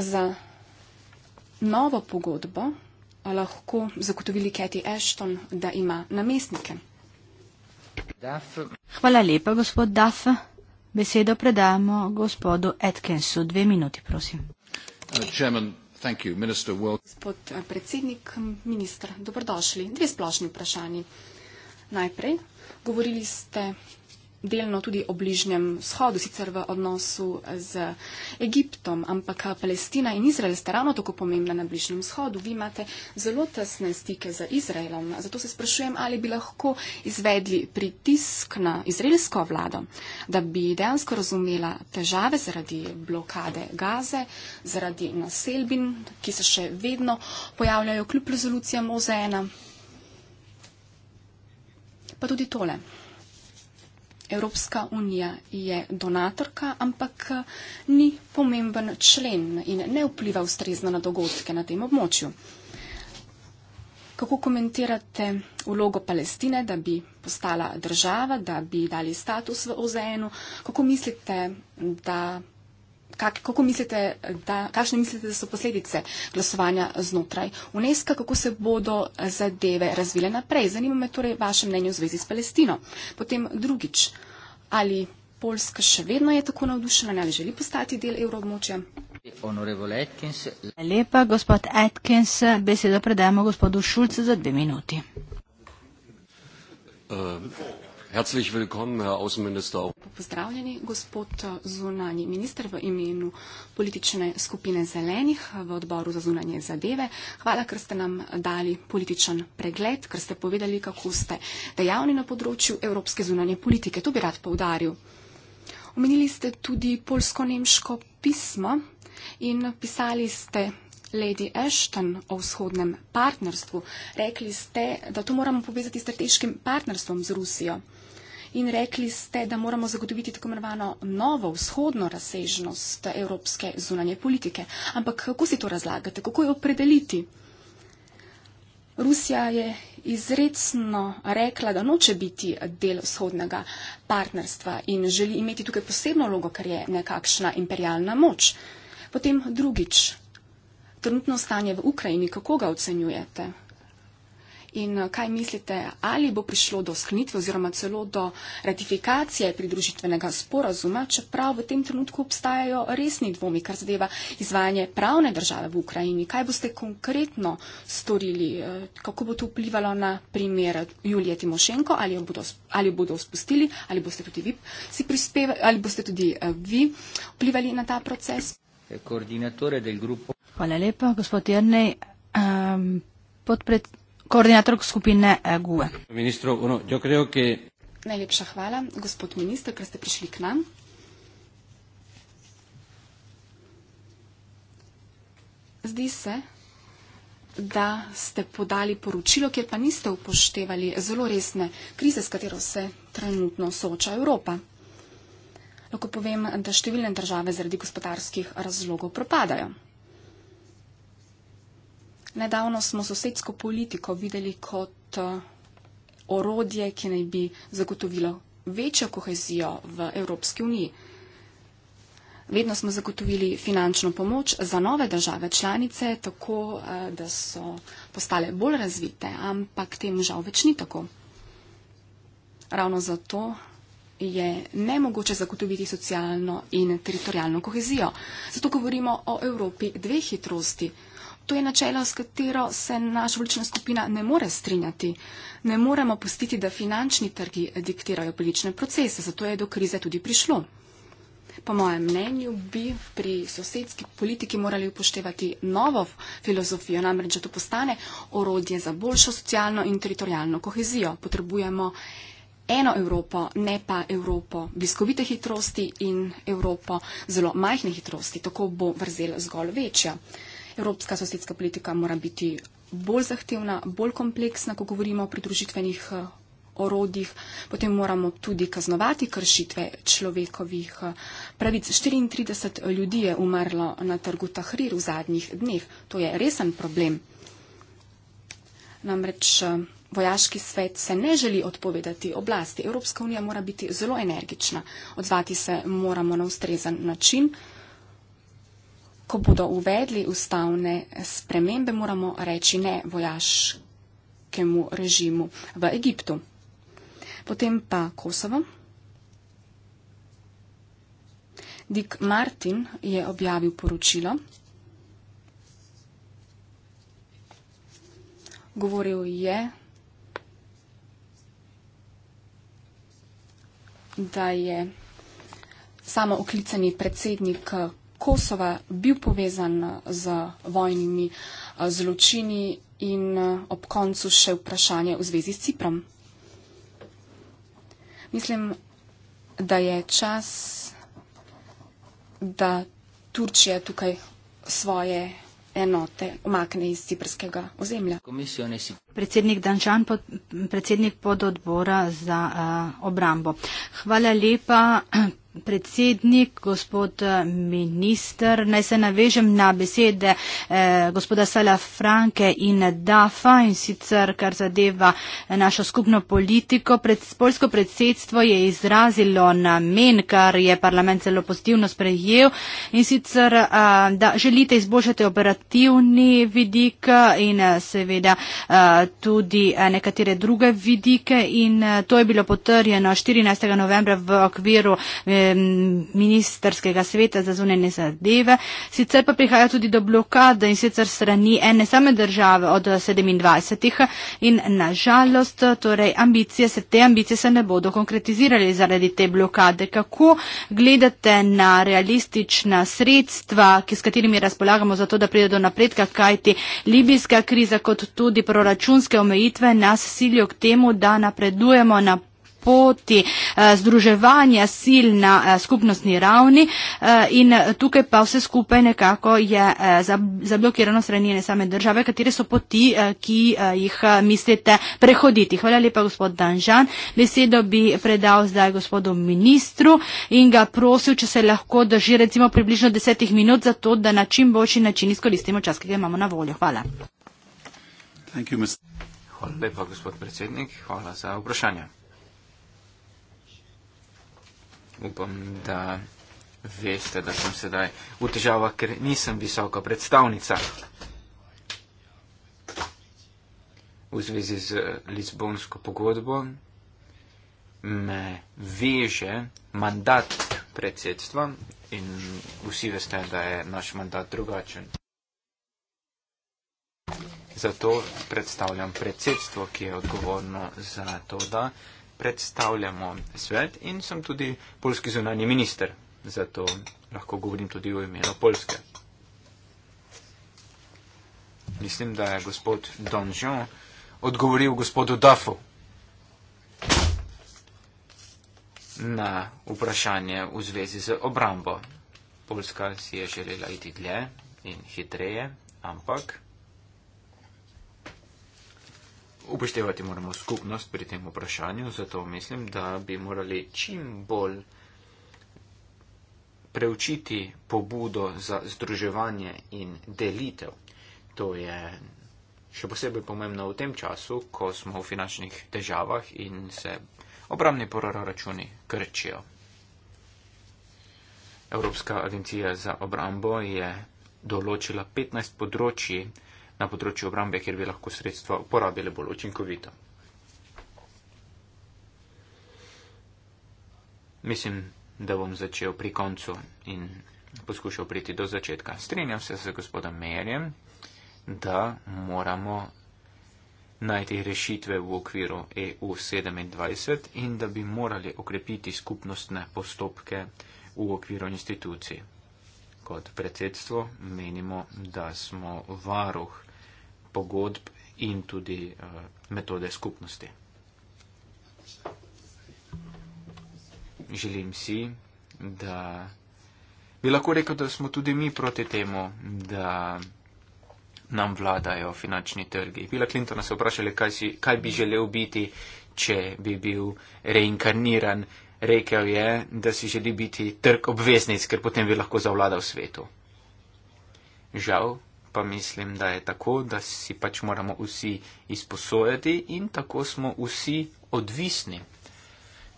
za novo pogodbo lahko zagotovili Keti Ashton, da ima namestnike. Hvala lepa, gospod Duff. Besedo predamo gospodu Atkinsu. Dve minuti, prosim. Uh, gospod uh, predsednik, ministr, dobrodošli. Dve splošni vprašanji. Najprej, govorili ste delno tudi o bližnjem shodu, sicer v odnosu z Egiptom, ampak Palestina in Izrael sta ravno tako pomembna na bližnjem shodu. Vi imate zelo tesne stike z Izraelom, zato se sprašujem, ali bi lahko izvedli pritisk na izraelsko vlado, da bi dejansko razumela težave zaradi blokade gaze, zaradi naselbin, ki se še vedno pojavljajo kljub rezolucijam OZN. Pa tudi tole. Evropska unija je donatorka, ampak eh, ni pomemben člen in ne vpliva ustrezno na dogodke na tem območju. Kako komentirate vlogo Palestine, da bi postala država, da bi dali status v OZN-u? Kako mislite, da kak, kako mislite, da, kakšne mislite, da so posledice glasovanja znotraj UNESCO, kako se bodo zadeve razvile naprej. Zanima me torej vaše mnenje v zvezi s Palestino. Potem drugič, ali Poljska še vedno je tako navdušena, ali želi postati del evroobmočja? Lepa, gospod Atkins, besedo predajamo gospodu Šulcu za dve minuti. Uh. Herzlich willkommen, Herr Außenminister. Pozdravljeni, gospod eh, zunani minister v imenu politične skupine Zelenih v odboru za zunanje zadeve. Hvala, ker ste nam dali političen pregled, ker ste povedali, kako ste dejavni na področju evropske zunanje politike. To bi rad povdaril. Omenili ste tudi polsko-nemško pismo in pisali ste. Lady Ashton o vzhodnem partnerstvu. Rekli ste, da to moramo povezati s strateškim partnerstvom z Rusijo in rekli ste, da moramo zagotoviti tako imenovano novo vzhodno razsežnost evropske zunanje politike. Ampak kako si to razlagate, kako jo opredeliti? Rusija je izredno rekla, da noče biti del vzhodnega partnerstva in želi imeti tukaj posebno vlogo, ker je nekakšna imperialna moč. Potem drugič, trenutno stanje v Ukrajini, kako ga ocenjujete? in eh, kaj mislite, ali bo prišlo do sklenitve oziroma celo do ratifikacije pridružitvenega sporazuma, čeprav v tem trenutku obstajajo resni dvomi, kar zadeva izvajanje pravne države v Ukrajini. Kaj boste konkretno storili, eh, kako bo to vplivalo na primer Julije Timošenko, ali jo bodo, ali jo bodo spustili, ali boste tudi vi si prispevali, ali boste tudi eh, vi vplivali na ta proces. Hvala lepa, gospod Jernej. Um, podpred, koordinator skupine eh, GUE. Ministro, ono, yo creo que... Najlepša hvala, gospod minister, ker ste prišli k nam. Zdi se, da ste podali poročilo, kjer pa niste upoštevali zelo resne krize, s katero se trenutno sooča Evropa. Lahko povem, da številne države zaradi gospodarskih razlogov propadajo. Nedavno smo sosedsko politiko videli kot eh, orodje, ki naj bi zagotovilo večjo kohezijo v Evropski uniji. Vedno smo zagotovili finančno pomoč za nove države članice, tako eh, da so postale bolj razvite, ampak tem žal več ni tako. Ravno zato je nemogoče zagotoviti socialno in teritorijalno kohezijo. Zato govorimo o Evropi dveh hitrosti. To je načelo, s katero se naša politična skupina ne more strinjati. Ne moremo pustiti, da finančni trgi diktirajo politične procese, zato je do krize tudi prišlo. Po mojem mnenju bi pri sosedski politiki morali upoštevati novo filozofijo, namreč, da to postane orodje za boljšo socialno in teritorijalno kohezijo. Potrebujemo eno Evropo, ne pa Evropo bliskovite hitrosti in Evropo zelo majhne hitrosti, tako bo vrzel zgolj večja evropska sosedska politika mora biti bolj zahtevna, bolj kompleksna, ko govorimo o pridružitvenih eh, orodjih. Potem moramo tudi kaznovati kršitve človekovih eh, pravic. 34 ljudi je umrlo na trgu Tahrir v zadnjih dneh. To je resen problem. Namreč eh, vojaški svet se ne želi odpovedati oblasti. Evropska unija mora biti zelo energična. Odzvati se moramo na ustrezan način ko bodo uvedli ustavne spremembe, moramo reči ne vojaškemu režimu v Egiptu. Potem pa Kosovo. Dick Martin je objavil poročilo. Govoril je, da je samo oklicani predsednik Kosova bil povezan eh, z vojnimi eh, zločini in eh, ob koncu še vprašanje v zvezi s Ciprom. Mislim, da je čas, da Turčija tukaj svoje enote omakne iz ciprskega ozemlja. Predsednik Danžan, pod, predsednik pododbora za uh, obrambo. Hvala lepa predsednik, gospod eh, minister. Naj se navežem na besede eh, gospoda Sala Franke in Dafa in sicer, kar zadeva eh, našo skupno politiko. Pred, polsko predsedstvo je izrazilo namen, kar je parlament zelo pozitivno sprejel in sicer, eh, da želite izboljšati operativni vidik eh, in seveda eh, tudi eh, nekatere druge vidike in eh, to je bilo potrjeno 14. novembra v okviru eh, ministerskega sveta za zunanje zadeve. Sicer pa prihaja tudi do blokade in sicer strani ene same države od 27. In nažalost, torej ambicije, se te ambicije se ne bodo konkretizirali zaradi te blokade. Kako gledate na realistična sredstva, ki, s katerimi razpolagamo za to, da pride do napredka, kajti libijska kriza kot tudi proračunske omejitve nas silijo k temu, da napredujemo na poti eh, združevanja sil na eh, skupnostni ravni eh, in tukaj pa vse skupaj nekako je zablokirano strani ene same države, katere so poti, ki jih mislite prehoditi. Hvala lepa, gospod Danžan. Besedo bi predal zdaj gospodu ministru in ga prosil, če se lahko drži recimo približno desetih minut za to, da na čim boljši način izkoristimo čas, ki ga imamo na voljo. Hvala. Hvala lepa, gospod predsednik. Hvala za vprašanje upam, da veste, da sem sedaj v težavah, ker nisem visoka predstavnica. V zvezi z Lizbonsko pogodbo me veže mandat predsedstva in vsi veste, da je naš mandat drugačen. Zato predstavljam predsedstvo, ki je odgovorno za to, da predstavljamo svet in sem tudi polski zunani minister, zato lahko govorim tudi v imenu Polske. Mislim, da je gospod Donžon odgovoril gospodu Dafu na vprašanje v zvezi z obrambo. Polska si je želela iti dlje in hitreje, ampak upoštevati moramo skupnost pri tem vprašanju, zato mislim, da bi morali čim bolj preučiti pobudo za združevanje in delitev. To je še posebej pomembno v tem času, ko smo v finančnih težavah in se obramni proračuni krčijo. Evropska agencija za obrambo je določila 15 področji, na področju obrambe, kjer bi lahko sredstva uporabili bolj učinkovito. Mislim, da bom začel pri koncu in poskušal priti do začetka. Strenjam se z gospodom Merjem, da moramo najti rešitve v okviru EU27 in da bi morali okrepiti skupnostne postopke v okviru institucij. Kot predsedstvo menimo, da smo varuh pogodb in tudi eh, metode skupnosti. Želim si, da bi lahko rekel, da smo tudi mi proti temu, da nam vladajo finančni trgi. Bila Clintona se vprašali, kaj, si, kaj bi želel biti, če bi bil reinkarniran. Rekel je, da si želi biti trg obveznic, ker potem bi lahko zavladal svetu. Žal, pa mislim, da je tako, da si pač moramo vsi izposojati in tako smo vsi odvisni,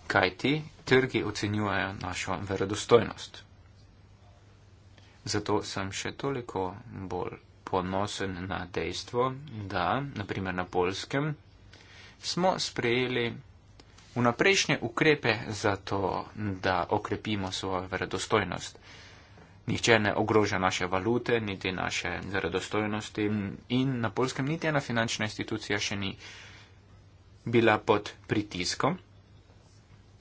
kajti trgi ocenjujejo našo verodostojnost. Zato sem še toliko bolj ponosen na dejstvo, da, naprimer na polskem, smo sprejeli vnaprejšnje ukrepe za to, da okrepimo svojo verodostojnost nihče ne ogroža naše valute, niti naše zredostojnosti in na polskem niti ena finančna institucija še ni bila pod pritiskom.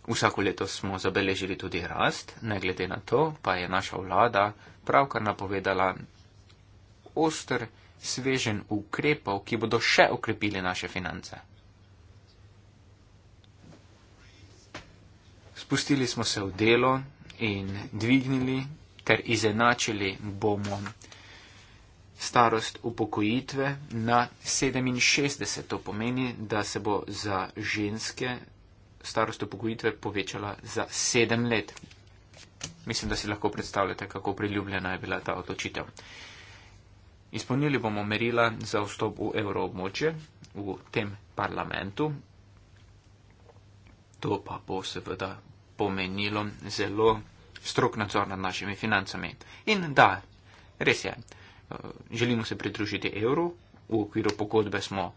Vsako leto smo zabeležili tudi rast, ne glede na to pa je naša vlada pravkar napovedala oster svežen ukrepov, ki bodo še okrepili naše finance. Spustili smo se v delo in dvignili ter izenačili bomo starost upokojitve na 67. To pomeni, da se bo za ženske starost upokojitve povečala za 7 let. Mislim, da si lahko predstavljate, kako priljubljena je bila ta odločitev. Izpolnili bomo merila za vstop v evroobmočje v tem parlamentu. To pa bo seveda pomenilo zelo strok nadzor nad našimi financami. In da, res je, eh, želimo se pridružiti evru, v okviru pogodbe smo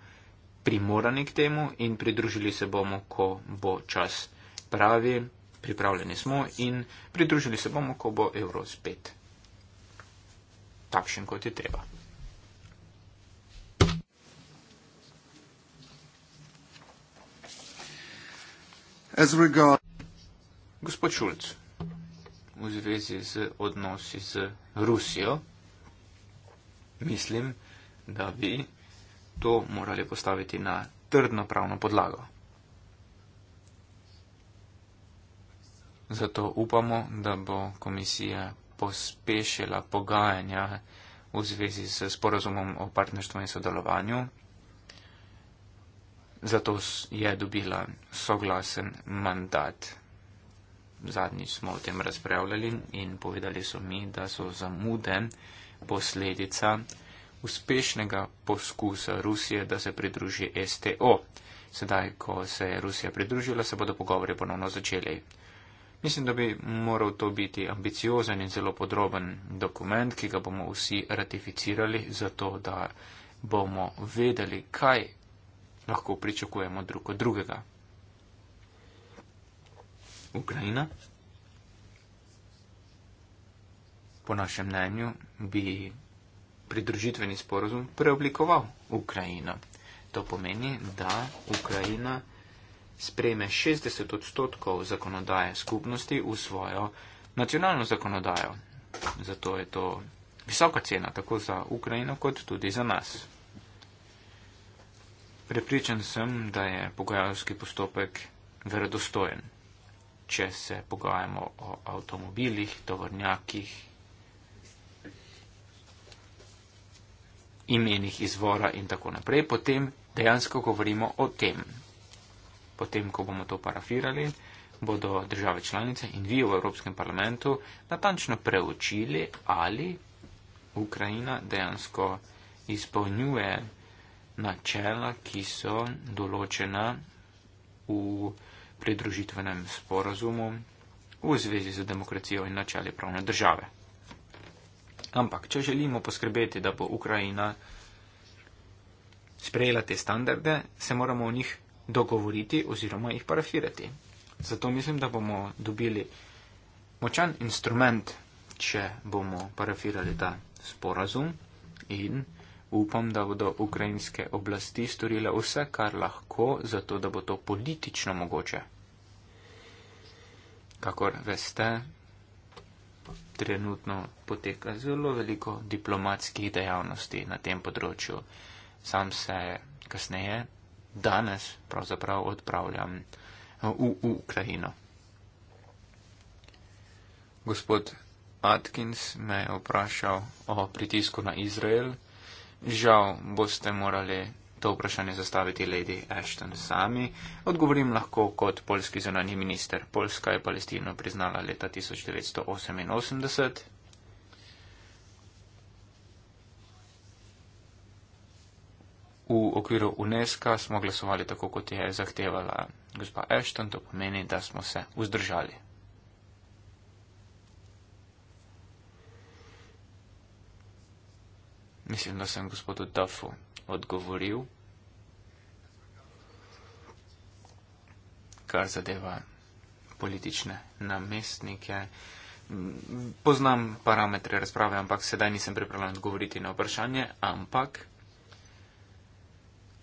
primorani k temu in pridružili se bomo, ko bo čas pravi, pripravljeni smo in pridružili se bomo, ko bo evro spet takšen, kot je treba. Gospod Šulc, v zvezi z odnosi z Rusijo, mislim, da bi to morali postaviti na trdno pravno podlago. Zato upamo, da bo komisija pospešila pogajanja v zvezi s sporozumom o partnerstvu in sodelovanju. Zato je dobila soglasen mandat zadnjič smo o tem razpravljali in povedali so mi, da so zamude posledica uspešnega poskusa Rusije, da se pridruži STO. Sedaj, ko se je Rusija pridružila, se bodo pogovori ponovno začeli. Mislim, da bi moral to biti ambiciozen in zelo podroben dokument, ki ga bomo vsi ratificirali, zato da bomo vedeli, kaj lahko pričakujemo drug od drugega. Ukrajina. Po našem mnenju bi pridružitveni sporozum preoblikoval Ukrajino. To pomeni, da Ukrajina spreme 60 odstotkov zakonodaje skupnosti v svojo nacionalno zakonodajo. Zato je to visoka cena tako za Ukrajino kot tudi za nas. Prepričan sem, da je pogajalski postopek verodostojen če se pogovarjamo o avtomobilih, tovornjakih, imenih izvora in tako naprej, potem dejansko govorimo o tem. Potem, ko bomo to parafirali, bodo države članice in vi v Evropskem parlamentu natančno preučili, ali Ukrajina dejansko izpolnjuje načela, ki so določena v pridružitvenem sporazumu v zvezi z demokracijo in načeli pravne države. Ampak, če želimo poskrbeti, da bo Ukrajina sprejela te standarde, se moramo o njih dogovoriti oziroma jih parafirati. Zato mislim, da bomo dobili močan instrument, če bomo parafirali ta sporazum in upam, da bodo ukrajinske oblasti storile vse, kar lahko, zato da bo to politično mogoče. Kakor veste, trenutno poteka zelo veliko diplomatskih dejavnosti na tem področju. Sam se kasneje, danes pravzaprav odpravljam eh, v, v Ukrajino. Gospod Atkins me je vprašal o pritisku na Izrael. Žal boste morali to vprašanje zastaviti Lady Ashton sami. Odgovorim lahko kot polski zunani minister. Polska je Palestino priznala leta 1988. V okviru UNESCO smo glasovali tako, kot je zahtevala gospa Ashton, to pomeni, da smo se vzdržali. Mislim, da sem gospodu Duffu odgovoril, kar zadeva politične namestnike. Poznam parametre razprave, ampak sedaj nisem pripravljen odgovoriti na vprašanje, ampak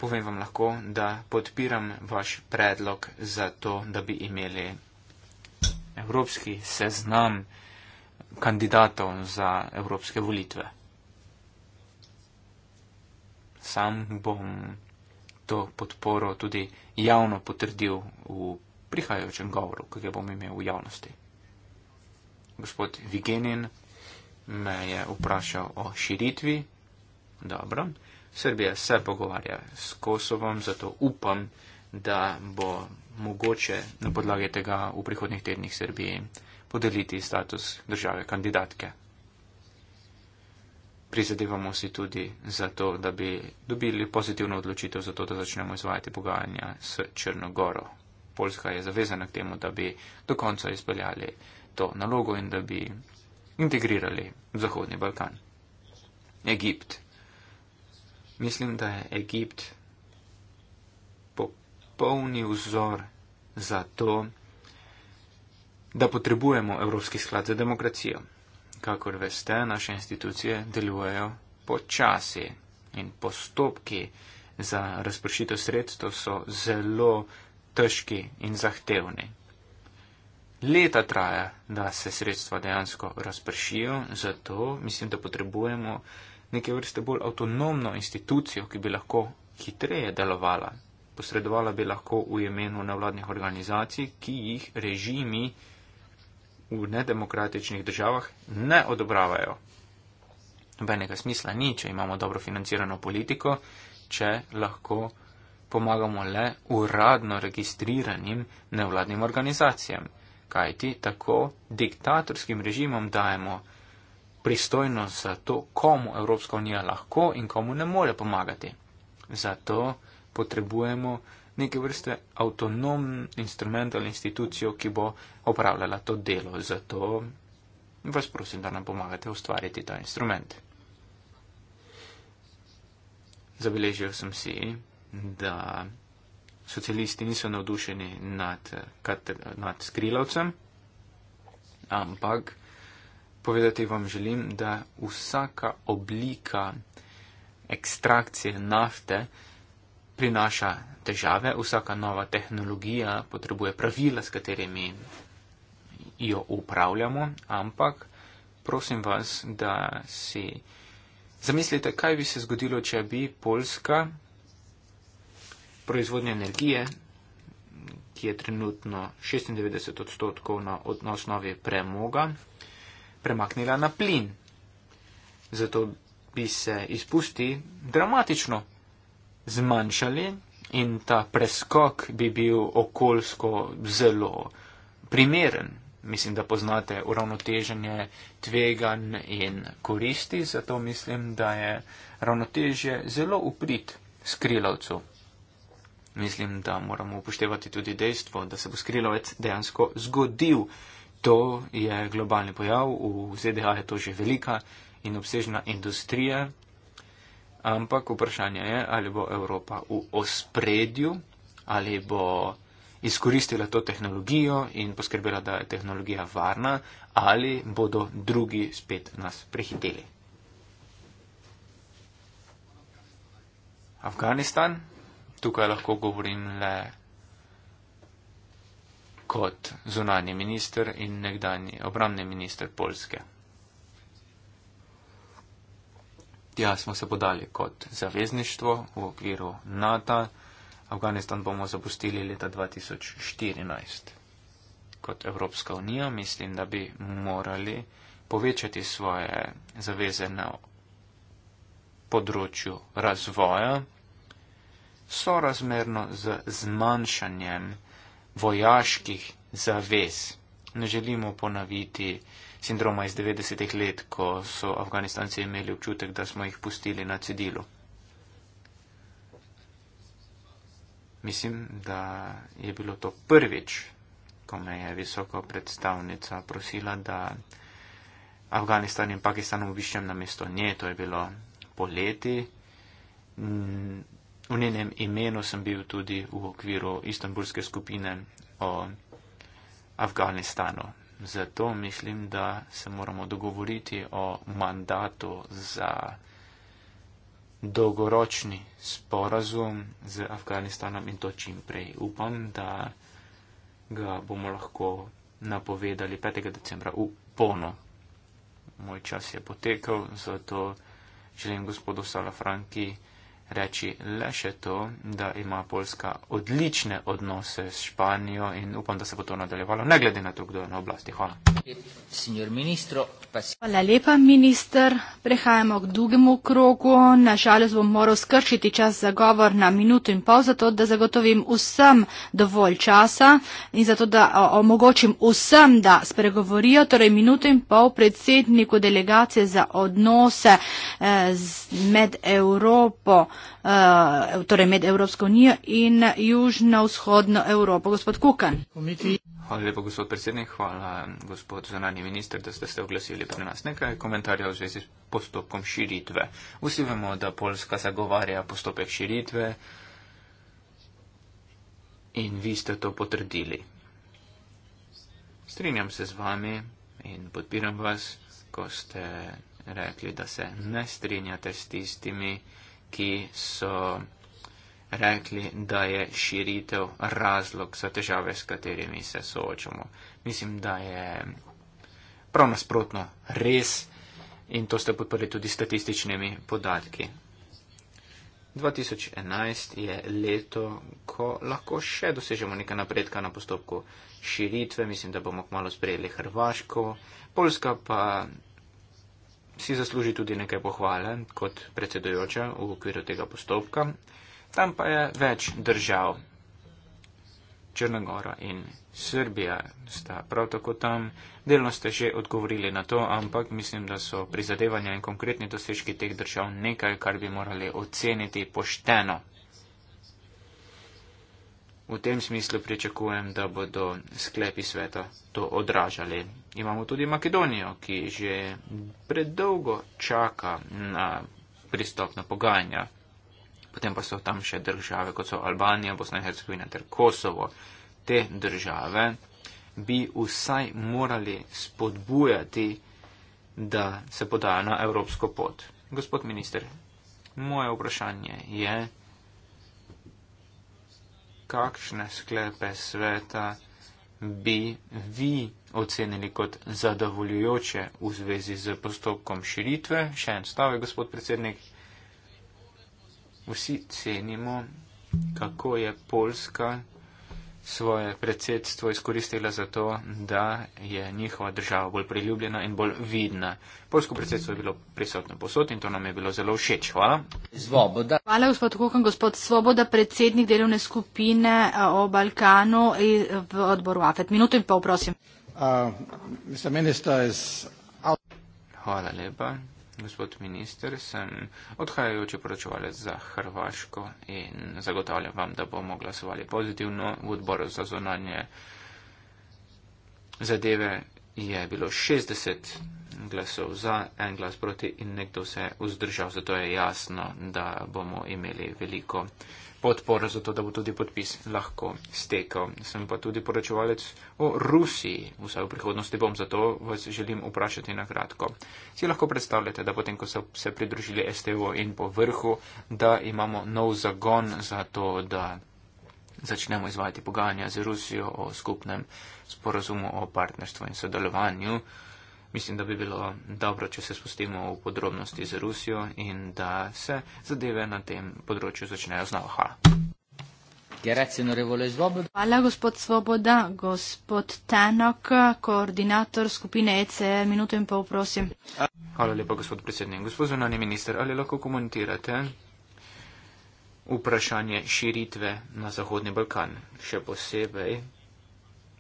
povem vam lahko, da podpiram vaš predlog za to, da bi imeli evropski seznam kandidatov za evropske volitve sam bom to podporo tudi javno potrdil v prihajajočem govoru, ki ga bom imel v javnosti. Gospod Vigenin me je vprašal o širitvi. Dobro. Srbija se pogovarja s Kosovom, zato upam, da bo mogoče na podlagi tega v prihodnih tednih Srbiji podeliti status države kandidatke prizadevamo si tudi za to, da bi dobili pozitivno odločitev za to, da začnemo izvajati pogajanja s Črnogoro. Poljska je zavezana k temu, da bi do konca izpeljali to nalogo in da bi integrirali Zahodni Balkan. Egipt. Mislim, da je Egipt popolni vzor za to, da potrebujemo Evropski sklad za demokracijo kakor veste, naše institucije delujejo počasi in postopki za razpršitev sredstev so zelo težki in zahtevni. Leta traja, da se sredstva dejansko razpršijo, zato mislim, da potrebujemo neke vrste bolj avtonomno institucijo, ki bi lahko hitreje delovala. Posredovala bi lahko v imenu nevladnih organizacij, ki jih režimi v nedemokratičnih državah ne odobravajo. Nobenega smisla ni, če imamo dobro financirano politiko, če lahko pomagamo le uradno registriranim nevladnim organizacijam. Kajti tako diktatorskim režimom dajemo pristojnost za to, komu Evropska unija lahko in komu ne more pomagati. Zato potrebujemo neke vrste avtonomen instrument ali institucijo, ki bo opravljala to delo. Zato vas prosim, da nam pomagate ustvariti ta instrument. Zabeležil sem si, da socialisti niso navdušeni nad, nad skrilavcem, ampak povedati vam želim, da vsaka oblika ekstrakcije nafte, prinaša težave, vsaka nova tehnologija potrebuje pravila, s katerimi jo upravljamo, ampak prosim vas, da si zamislite, kaj bi se zgodilo, če bi Poljska proizvodnja energije, ki je trenutno 96 odstotkov na osnovi premoga, premaknila na plin. Zato bi se izpusti dramatično zmanjšali in ta preskok bi bil okoljsko zelo primeren. Mislim, da poznate uravnoteženje tveganj in koristi, zato mislim, da je ravnotežje zelo uprit skrilavcu. Mislim, da moramo upoštevati tudi dejstvo, da se bo skrilavec dejansko zgodil. To je globalni pojav, v ZDA je to že velika in obsežna industrija, Ampak vprašanje je, ali bo Evropa v ospredju, ali bo izkoristila to tehnologijo in poskrbela, da je tehnologija varna, ali bodo drugi spet nas prehiteli. Afganistan, tukaj lahko govorim le kot zunanje minister in nekdani obramne minister Polske. Tja smo se podali kot zavezništvo v okviru NATO. Afganistan bomo zapustili leta 2014. Kot Evropska unija mislim, da bi morali povečati svoje zaveze na področju razvoja, sorazmerno z zmanjšanjem vojaških zavez. Ne želimo ponaviti sindroma iz 90-ih let, ko so Afganistanci imeli občutek, da smo jih pustili na cedilu. Mislim, da je bilo to prvič, ko me je visoka predstavnica prosila, da Afganistan in Pakistan obiščem na mesto nje. To je bilo poleti. V njenem imenu sem bil tudi v okviru istambulske skupine o Afganistanu. Zato mislim, da se moramo dogovoriti o mandatu za dolgoročni sporazum z Afganistanom in to čim prej. Upam, da ga bomo lahko napovedali 5. decembra v Pono. Moj čas je potekal, zato želim gospodu Salafranki reči le še to, da ima Poljska odlične odnose s Španijo in upam, da se bo to nadaljevalo, ne glede na to, kdo je na oblasti. Hvala. Hvala lepa, minister. Prehajamo k drugemu krogu. Nažalost bom moral skršiti čas za govor na minuto in pol, zato da zagotovim vsem dovolj časa in zato da omogočim vsem, da spregovorijo. Torej minuto in pol predsedniku delegacije za odnose eh, med Evropo. Eh, torej med Evropsko unijo in južno-vzhodno Evropo. Gospod Kukan. Hvala lepa, gospod predsednik. Hvala, gospod zonani minister, da ste se oglasili pri nas. Nekaj komentarjev v zvezi s postopkom širitve. Vsi vemo, da Polska zagovarja postopek širitve in vi ste to potrdili. Strinjam se z vami in podpiram vas, ko ste rekli, da se ne strinjate s tistimi, ki so rekli, da je širitev razlog za težave, s katerimi se soočamo. Mislim, da je prav nasprotno res in to ste podprli tudi statističnimi podatki. 2011 je leto, ko lahko še dosežemo nekaj napredka na postopku širitve. Mislim, da bomo kmalo sprejeli Hrvaško, Poljska pa si zasluži tudi nekaj pohvale kot predsedujoča v okviru tega postopka. Tam pa je več držav. Črnagora in Srbija sta prav tako tam. Delno ste že odgovorili na to, ampak mislim, da so prizadevanja in konkretni dosežki teh držav nekaj, kar bi morali oceniti pošteno. V tem smislu pričakujem, da bodo sklepi sveta to odražali. Imamo tudi Makedonijo, ki že predolgo čaka na pristopna pogajanja. Potem pa so tam še države, kot so Albanija, Bosna in Hercegovina ter Kosovo. Te države bi vsaj morali spodbujati, da se podajo na evropsko pot. Gospod minister, moje vprašanje je kakšne sklepe sveta bi vi ocenili kot zadovoljujoče v zvezi z postopkom širitve. Še en stavek, gospod predsednik. Vsi cenimo, kako je Poljska svoje predsedstvo izkoristila za to, da je njihova država bolj priljubljena in bolj vidna. Polsko predsedstvo je bilo prisotno posod in to nam je bilo zelo všeč. Hvala. Zvoboda. Hvala, gospod Kukan, gospod Svoboda, predsednik delovne skupine eh, o Balkanu eh, v odboru AFET. Minuto in pol, prosim. Uh, Hvala lepa gospod minister, sem odhajajoči poročevalec za Hrvaško in zagotavljam vam, da bomo glasovali pozitivno v odboru za zonanje zadeve. Je bilo 60 glasov za, en glas proti in nekdo se je vzdržal, zato je jasno, da bomo imeli veliko podporo za to, da bo tudi podpis lahko stekel. Sem pa tudi poročevalec o Rusiji, vsaj v prihodnosti bom, zato vas želim vprašati na kratko. Si lahko predstavljate, da potem, ko so se pridružili STO in po vrhu, da imamo nov zagon za to, da začnemo izvajati pogajanja z Rusijo o skupnem sporazumu o partnerstvu in sodelovanju mislim, da bi bilo dobro, če se spustimo v podrobnosti z Rusijo in da se zadeve na tem področju začnejo znova. Hvala. Hvala, gospod Svoboda. Gospod Tanok, koordinator skupine ECR, e, minuto in pol, prosim. Hvala lepa, gospod predsednik. Gospod zunani minister, ali lahko komentirate vprašanje širitve na Zahodni Balkan, še posebej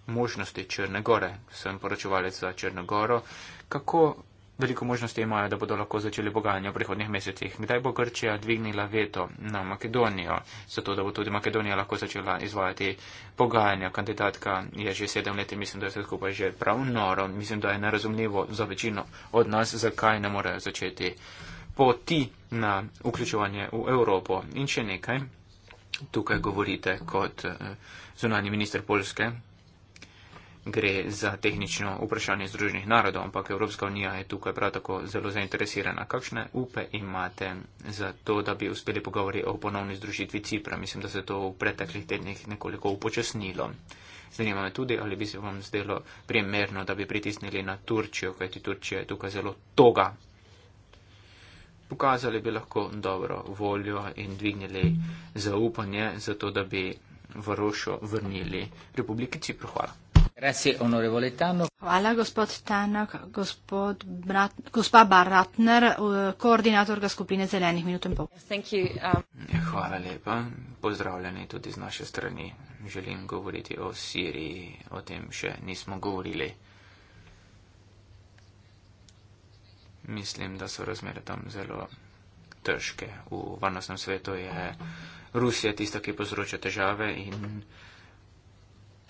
možnosti Črne gore. Sem poročevalec za Črno goro. Kako veliko možnosti imajo, da bodo lahko začeli pogajanja v prihodnih mesecih? Kdaj bo Grčija dvignila veto na Makedonijo, zato da bo tudi Makedonija lahko začela izvajati pogajanja? Kandidatka je že sedem let in mislim, da je vse skupaj že prav noro. Mislim, da je nerazumljivo za večino od nas, zakaj ne morejo začeti poti na vključevanje v Evropo. In še nekaj. Tukaj govorite kot eh, zunani minister Polske, gre za tehnično vprašanje Združenih narodov, ampak Evropska unija je tukaj prav tako zelo zainteresirana. Kakšne upe imate za to, da bi uspeli pogovori o ponovni združitvi Cipra? Mislim, da se je to v preteklih tednih nekoliko upočasnilo. Zanima me tudi, ali bi se vam zdelo primerno, da bi pritisnili na Turčijo, kajti Turčija je tukaj zelo toga. Pokazali bi lahko dobro voljo in dvignili zaupanje, zato da bi v Rošo vrnili Republiki Cipro. Hvala. Hvala, gospod Tanak. Gospod Brat, gospa Baratner, eh, koordinatorka skupine zelenih minut in pol. Um, Hvala lepa. Pozdravljeni tudi z naše strani. Želim govoriti o Siriji. O tem še nismo govorili. Mislim, da so razmere tam zelo težke. V varnostnem svetu je Rusija tista, ki povzroča težave in. Uh -huh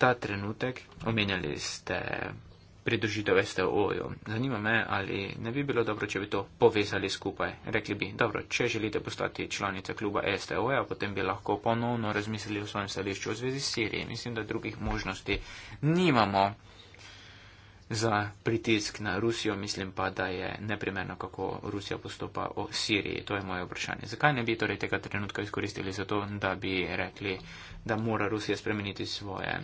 ta trenutek, omenjali ste pridružitev STO-ju. Zanima me, ali ne bi bilo dobro, če bi to povezali skupaj. Rekli bi, dobro, če želite postati članica kluba STO-ja, potem bi lahko ponovno razmislili o svojem stališču v zvezi s Siriji. Mislim, da drugih možnosti nimamo za pritisk na Rusijo. Mislim pa, da je neprimerno, kako Rusija postopa o Siriji. To je moje vprašanje. Zakaj ne bi torej tega trenutka izkoristili za to, da bi rekli, da mora Rusija spremeniti svoje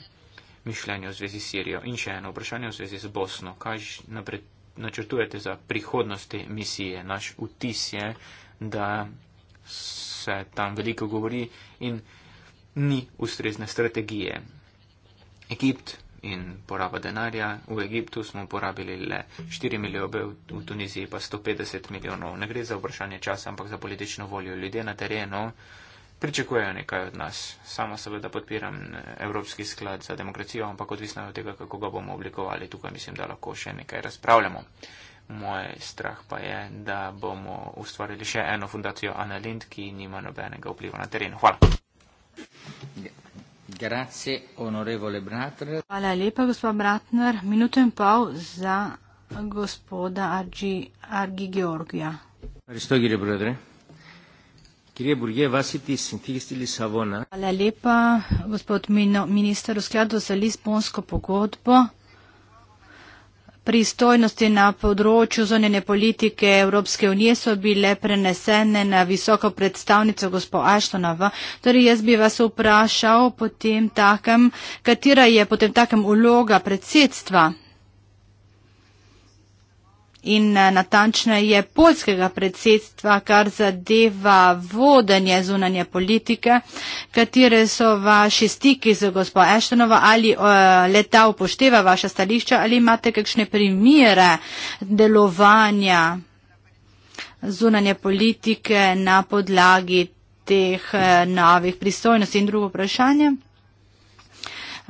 mišljenje v zvezi s Sirijo. In še eno vprašanje v zvezi z Bosno. Kaj napred, načrtujete za prihodnost te misije? Naš vtis je, da se tam veliko govori in ni ustrezne strategije. Egipt in poraba denarja. V Egiptu smo porabili le 4 milijone, v Tuniziji pa 150 milijonov. Ne gre za vprašanje časa, ampak za politično voljo ljudi na terenu pričakujejo nekaj od nas. Sama seveda podpiram eh, Evropski sklad za demokracijo, ampak odvisno od tega, kako ga bomo oblikovali, tukaj mislim, da lahko še nekaj razpravljamo. Moj strah pa je, da bomo ustvarili še eno fundacijo Ana Lind, ki nima nobenega vpliva na teren. Hvala. Grazie, onorevole Bratner. Hvala lepa, gospod Bratner. Minuto in pol za gospoda Argi, Argi Georgija. Aristogile Bratner. Kirje Burje, vas je ti sintiki stili Savona. Hvala lepa, gospod minister, v skladu za Lisbonsko pogodbo. Pristojnosti na področju zonjene politike Evropske unije so bile prenesene na visoko predstavnico gospo Ashtonova. Torej, jaz bi vas vprašal potem takem, katera je potem takem uloga predsedstva in eh, natančneje polskega predsedstva, kar zadeva vodenje zunanje politike, katere so vaši stiki z gospod Eštenova ali uh, leta upošteva vaša stališča ali imate kakšne primere delovanja zunanje politike na podlagi teh uh, novih pristojnosti in drugo vprašanje.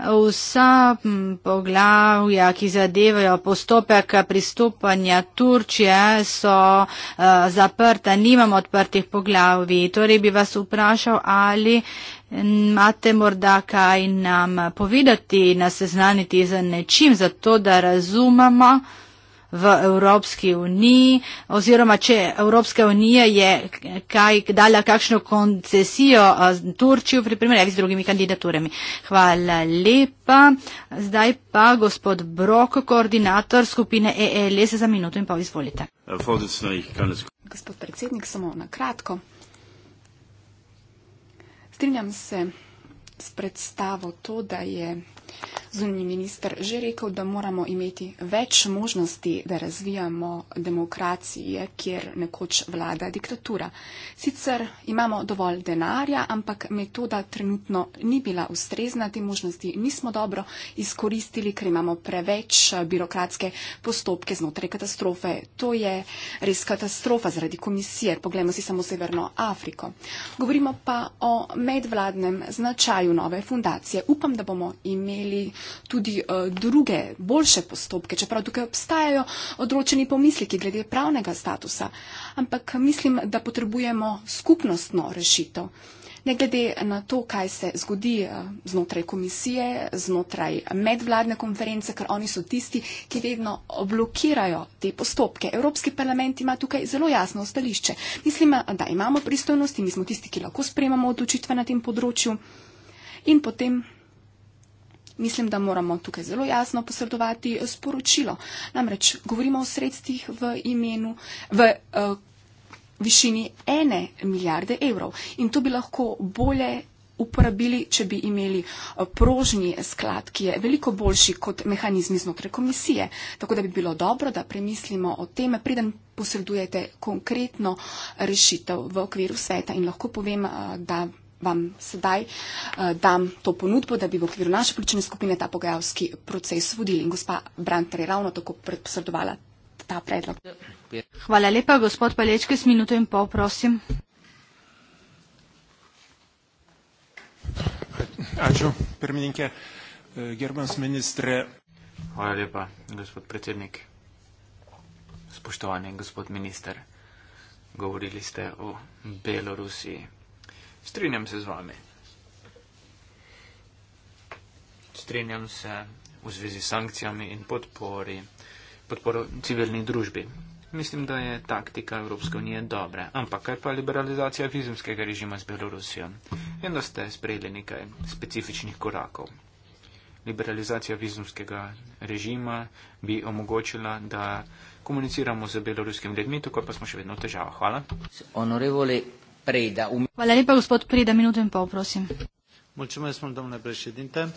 Vsa mm, poglavja, ki zadevajo postopek pristopanja Turčije, so uh, zaprta, nimamo odprtih poglavji. Torej bi vas vprašal, ali mm, imate morda kaj nam povedati, nas seznaniti z nečim, zato da razumemo v Evropski uniji oziroma če Evropska unija je kaj dala kakšno koncesijo Turčijo pri primerjavi z drugimi kandidaturami. Hvala lepa. Zdaj pa gospod Brok, koordinator skupine ELS za minuto in pa izvolite. Gospod predsednik, samo na kratko. Strinjam se s predstavo to, da je Zunji minister že rekel, da moramo imeti več možnosti, da razvijamo demokracije, kjer nekoč vlada diktatura. Sicer imamo dovolj denarja, ampak metoda trenutno ni bila ustrezna, te možnosti nismo dobro izkoristili, ker imamo preveč eh, birokratske postopke znotraj katastrofe. To je res katastrofa zaradi komisije. Poglejmo si samo Severno Afriko. Govorimo pa o medvladnem značaju nove fundacije. Upam, da bomo imeli uvedli tudi uh, druge, boljše postopke, čeprav tukaj obstajajo odročeni pomisliki glede pravnega statusa. Ampak mislim, da potrebujemo skupnostno rešitev. Ne glede na to, kaj se zgodi eh, znotraj komisije, znotraj medvladne konference, ker oni so tisti, ki vedno blokirajo te postopke. Evropski parlament ima tukaj zelo jasno stališče. Mislim, da imamo pristojnosti, mi smo tisti, ki lahko sprejemamo odločitve na tem področju. In potem mislim, da moramo tukaj zelo jasno posredovati sporočilo. Namreč govorimo o sredstvih v imenu, v uh, višini ene milijarde evrov in to bi lahko bolje uporabili, če bi imeli eh, prožni sklad, ki je veliko boljši kot mehanizmi znotraj komisije. Tako da bi bilo dobro, da premislimo o teme, preden posredujete konkretno rešitev v okviru sveta. In lahko povem, eh, da vam sedaj uh, dam to ponudbo, da bi v okviru naše politične skupine ta pogajalski proces vodili. In gospa Brantner je ravno tako predposredovala ta predlog. Hvala lepa, gospod Palečke, s minuto in pol, prosim. Ačiū, pirmininkė, eh, gerbams ministre. Hvala lepa, gospod predsednik. Spoštovani gospod minister, govorili ste o Belorusiji, Strinjam se z vami. Strinjam se v zvezi s sankcijami in podpori, podporo civilni družbi. Mislim, da je taktika Evropske unije dobra, ampak kaj pa liberalizacija vizumskega režima z Belorusijo? Vem, da ste sprejeli nekaj specifičnih korakov. Liberalizacija vizumskega režima bi omogočila, da komuniciramo z beloruskim ljudmi, tukaj pa smo še vedno v težavah. Hvala. Honorevole Preda. Um- Hvala lepa, gospod Preda, minuto in pol, prosim. Mulțumesc mult, domnule președinte.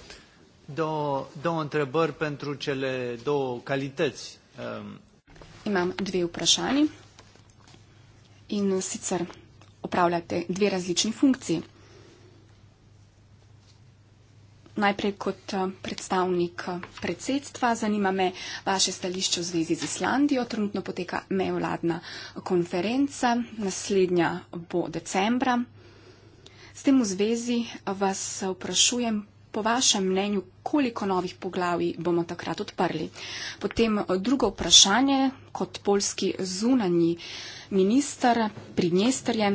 Două, două întrebări pentru cele două calități. Um, Imam dve vprašanji in sicer opravljate dve različni funkcije najprej kot eh, predstavnik eh, predsedstva. Zanima me vaše stališče v zvezi z Islandijo. Trenutno poteka mejovladna eh, konferenca, naslednja bo decembra. S tem v zvezi vas vprašujem po vašem mnenju, koliko novih poglavij bomo takrat odprli. Potem drugo vprašanje kot polski zunanji minister pri Dnjestrje.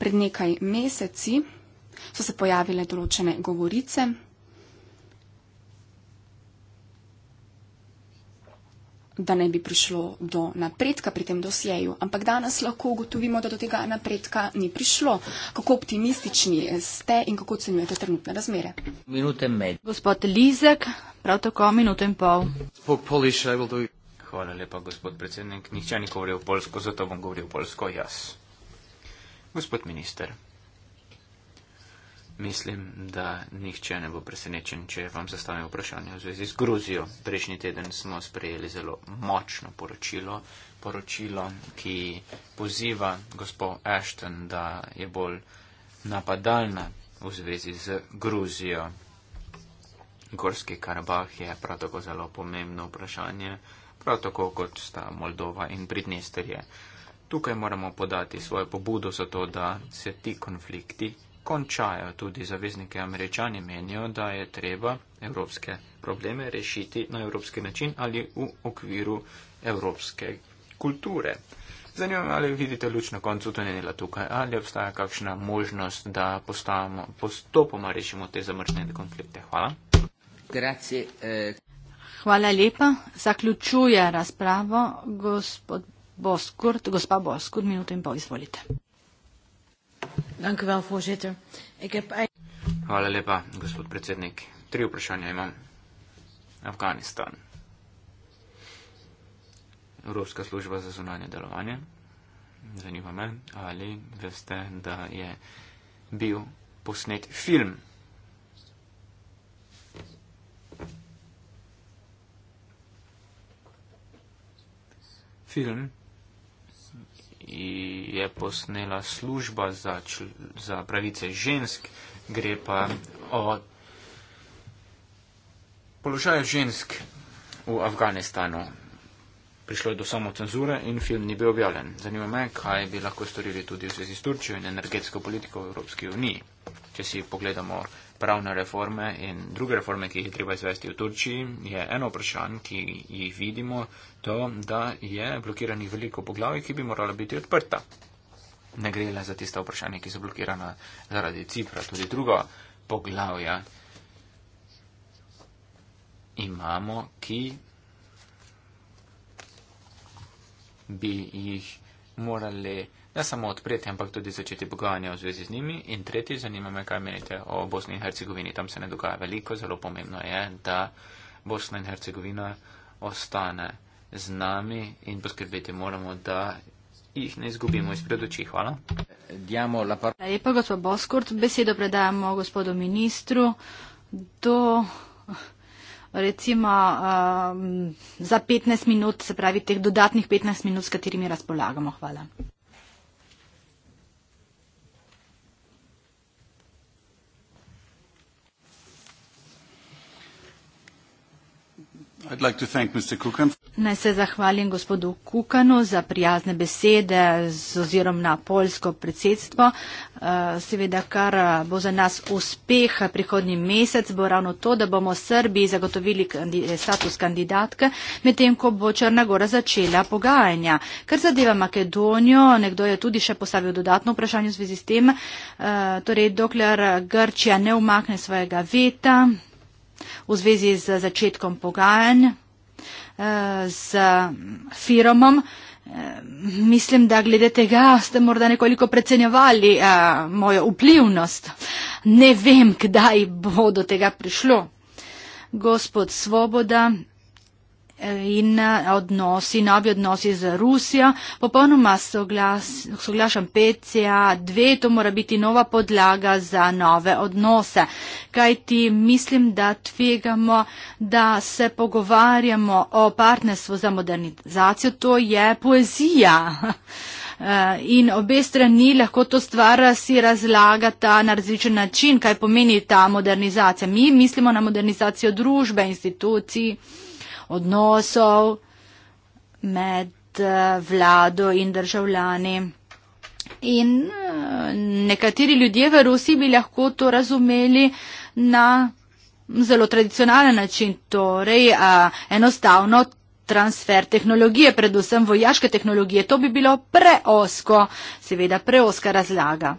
Pred nekaj meseci so se pojavile določene govorice. da ne bi prišlo do napredka pri tem dosjeju. Ampak danes lahko ugotovimo, da do tega napredka ni prišlo. Kako optimistični ste in kako ocenjujete trenutne razmere? Minute in med. Gospod Lizek, prav tako minuto in pol. Spok Poliš, I will do it. Hvala lepa, gospod predsednik. Nihče ni govoril polsko, zato bom govoril polsko jaz. Gospod minister. Mislim, da nihče ne bo presenečen, če vam zastavim vprašanje v zvezi z Gruzijo. Prejšnji teden smo sprejeli zelo močno poročilo, poročilo, ki poziva gospod Ashton, da je bolj napadalna v zvezi z Gruzijo. Gorski Karabah je prav tako zelo pomembno vprašanje, prav tako kot sta Moldova in Pridnesterje. Tukaj moramo podati svojo pobudo za to, da se ti konflikti končajo. Tudi zaveznike američani menijo, da je treba evropske probleme rešiti na evropski način ali v okviru evropske kulture. Zanima me, ali vidite luč na koncu tunela tukaj, ali obstaja kakšna možnost, da postavamo, postopoma rešimo te zamrznjene konflikte. Hvala. Grazie, eh. Hvala lepa. Zaključuje razpravo gospod Boskurt, gospa Boskurt, minuto in pol izvolite. Dank u wel, voorzitter. Ik heb... Hvala lepa, gospod predsednik. Tri vprašanja imam. Afganistan. Evropska služba za zunanje delovanje. Zanima me, ali veste, da je bil posnet film. Film je posnela služba za, čl, za pravice žensk, gre pa o položaju žensk v Afganistanu prišlo je do samocenzure in film ni bil objavljen. Zanima me, kaj bi lahko storili tudi v zvezi s Turčijo in energetsko politiko v Evropski uniji. Če si pogledamo pravne reforme in druge reforme, ki jih je treba izvesti v Turčiji, je eno vprašanje, ki jih vidimo, to, da je blokiranih veliko poglavij, ki bi morala biti odprta. Ne gre le za tiste vprašanja, ki so blokirana zaradi cifra, tudi druga poglavja imamo, ki bi jih morali ne samo odpreti, ampak tudi začeti pogajanje v zvezi z njimi. In tretji, zanima me, kaj menite o Bosni in Hercegovini. Tam se ne dogaja veliko, zelo pomembno je, da Bosna in Hercegovina ostane z nami in poskrbeti moramo, da jih ne izgubimo izpred oči. Hvala. Hvala lepa, gospod Boskurt. Besedo predajamo gospodu ministru. Do recimo um, za 15 minut, se pravi teh dodatnih 15 minut, s katerimi razpolagamo. Hvala. Naj se zahvalim gospodu Kukanu za prijazne besede z ozirom na polsko predsedstvo. Eh, seveda, kar eh, bo za nas uspeh eh, prihodnji mesec, bo ravno to, da bomo Srbiji zagotovili status kandidatke, medtem ko bo Črna Gora začela pogajanja. Kar zadeva Makedonijo, nekdo je tudi še postavil dodatno vprašanje v zvezi s tem, torej dokler Grčija ne umakne svojega veta v zvezi z začetkom pogajanj eh, z firomom. Eh, mislim, da glede tega ste morda nekoliko precenjevali eh, mojo vplivnost. Ne vem, kdaj bo do tega prišlo. Gospod Svoboda, in eh, odnosi, novi odnosi z Rusijo. Popolnoma soglas, soglašam PCA 2, to mora biti nova podlaga za nove odnose. Kaj ti mislim, da tvegamo, da se pogovarjamo o partnerstvu za modernizacijo, to je poezija. Eh, in obe strani lahko to stvar si razlagata na različen način, kaj pomeni ta modernizacija. Mi mislimo na modernizacijo družbe, institucij odnosov med eh, vlado in državljani. In eh, nekateri ljudje v Rusiji bi lahko to razumeli na zelo tradicionalen način, torej a, enostavno transfer tehnologije, predvsem vojaške tehnologije. To bi bilo preosko, seveda preoska razlaga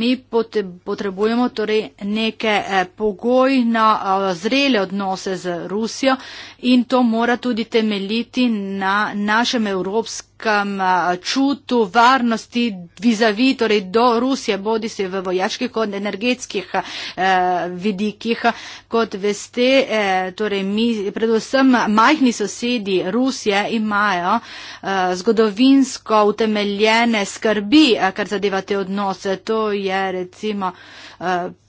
mi pot, potrebujemo torej neke eh, pogojno eh, zrele odnose z Rusijo in to mora tudi temeljiti na našem evropskem nekem eh, čutu varnosti vizavi torej do Rusije, bodi se v vojaških kot energetskih eh, vidikih. Kot veste, eh, torej mi, predvsem majhni sosedi Rusije imajo zgodovinsko utemeljene skrbi, kar zadeva te odnose. To je recimo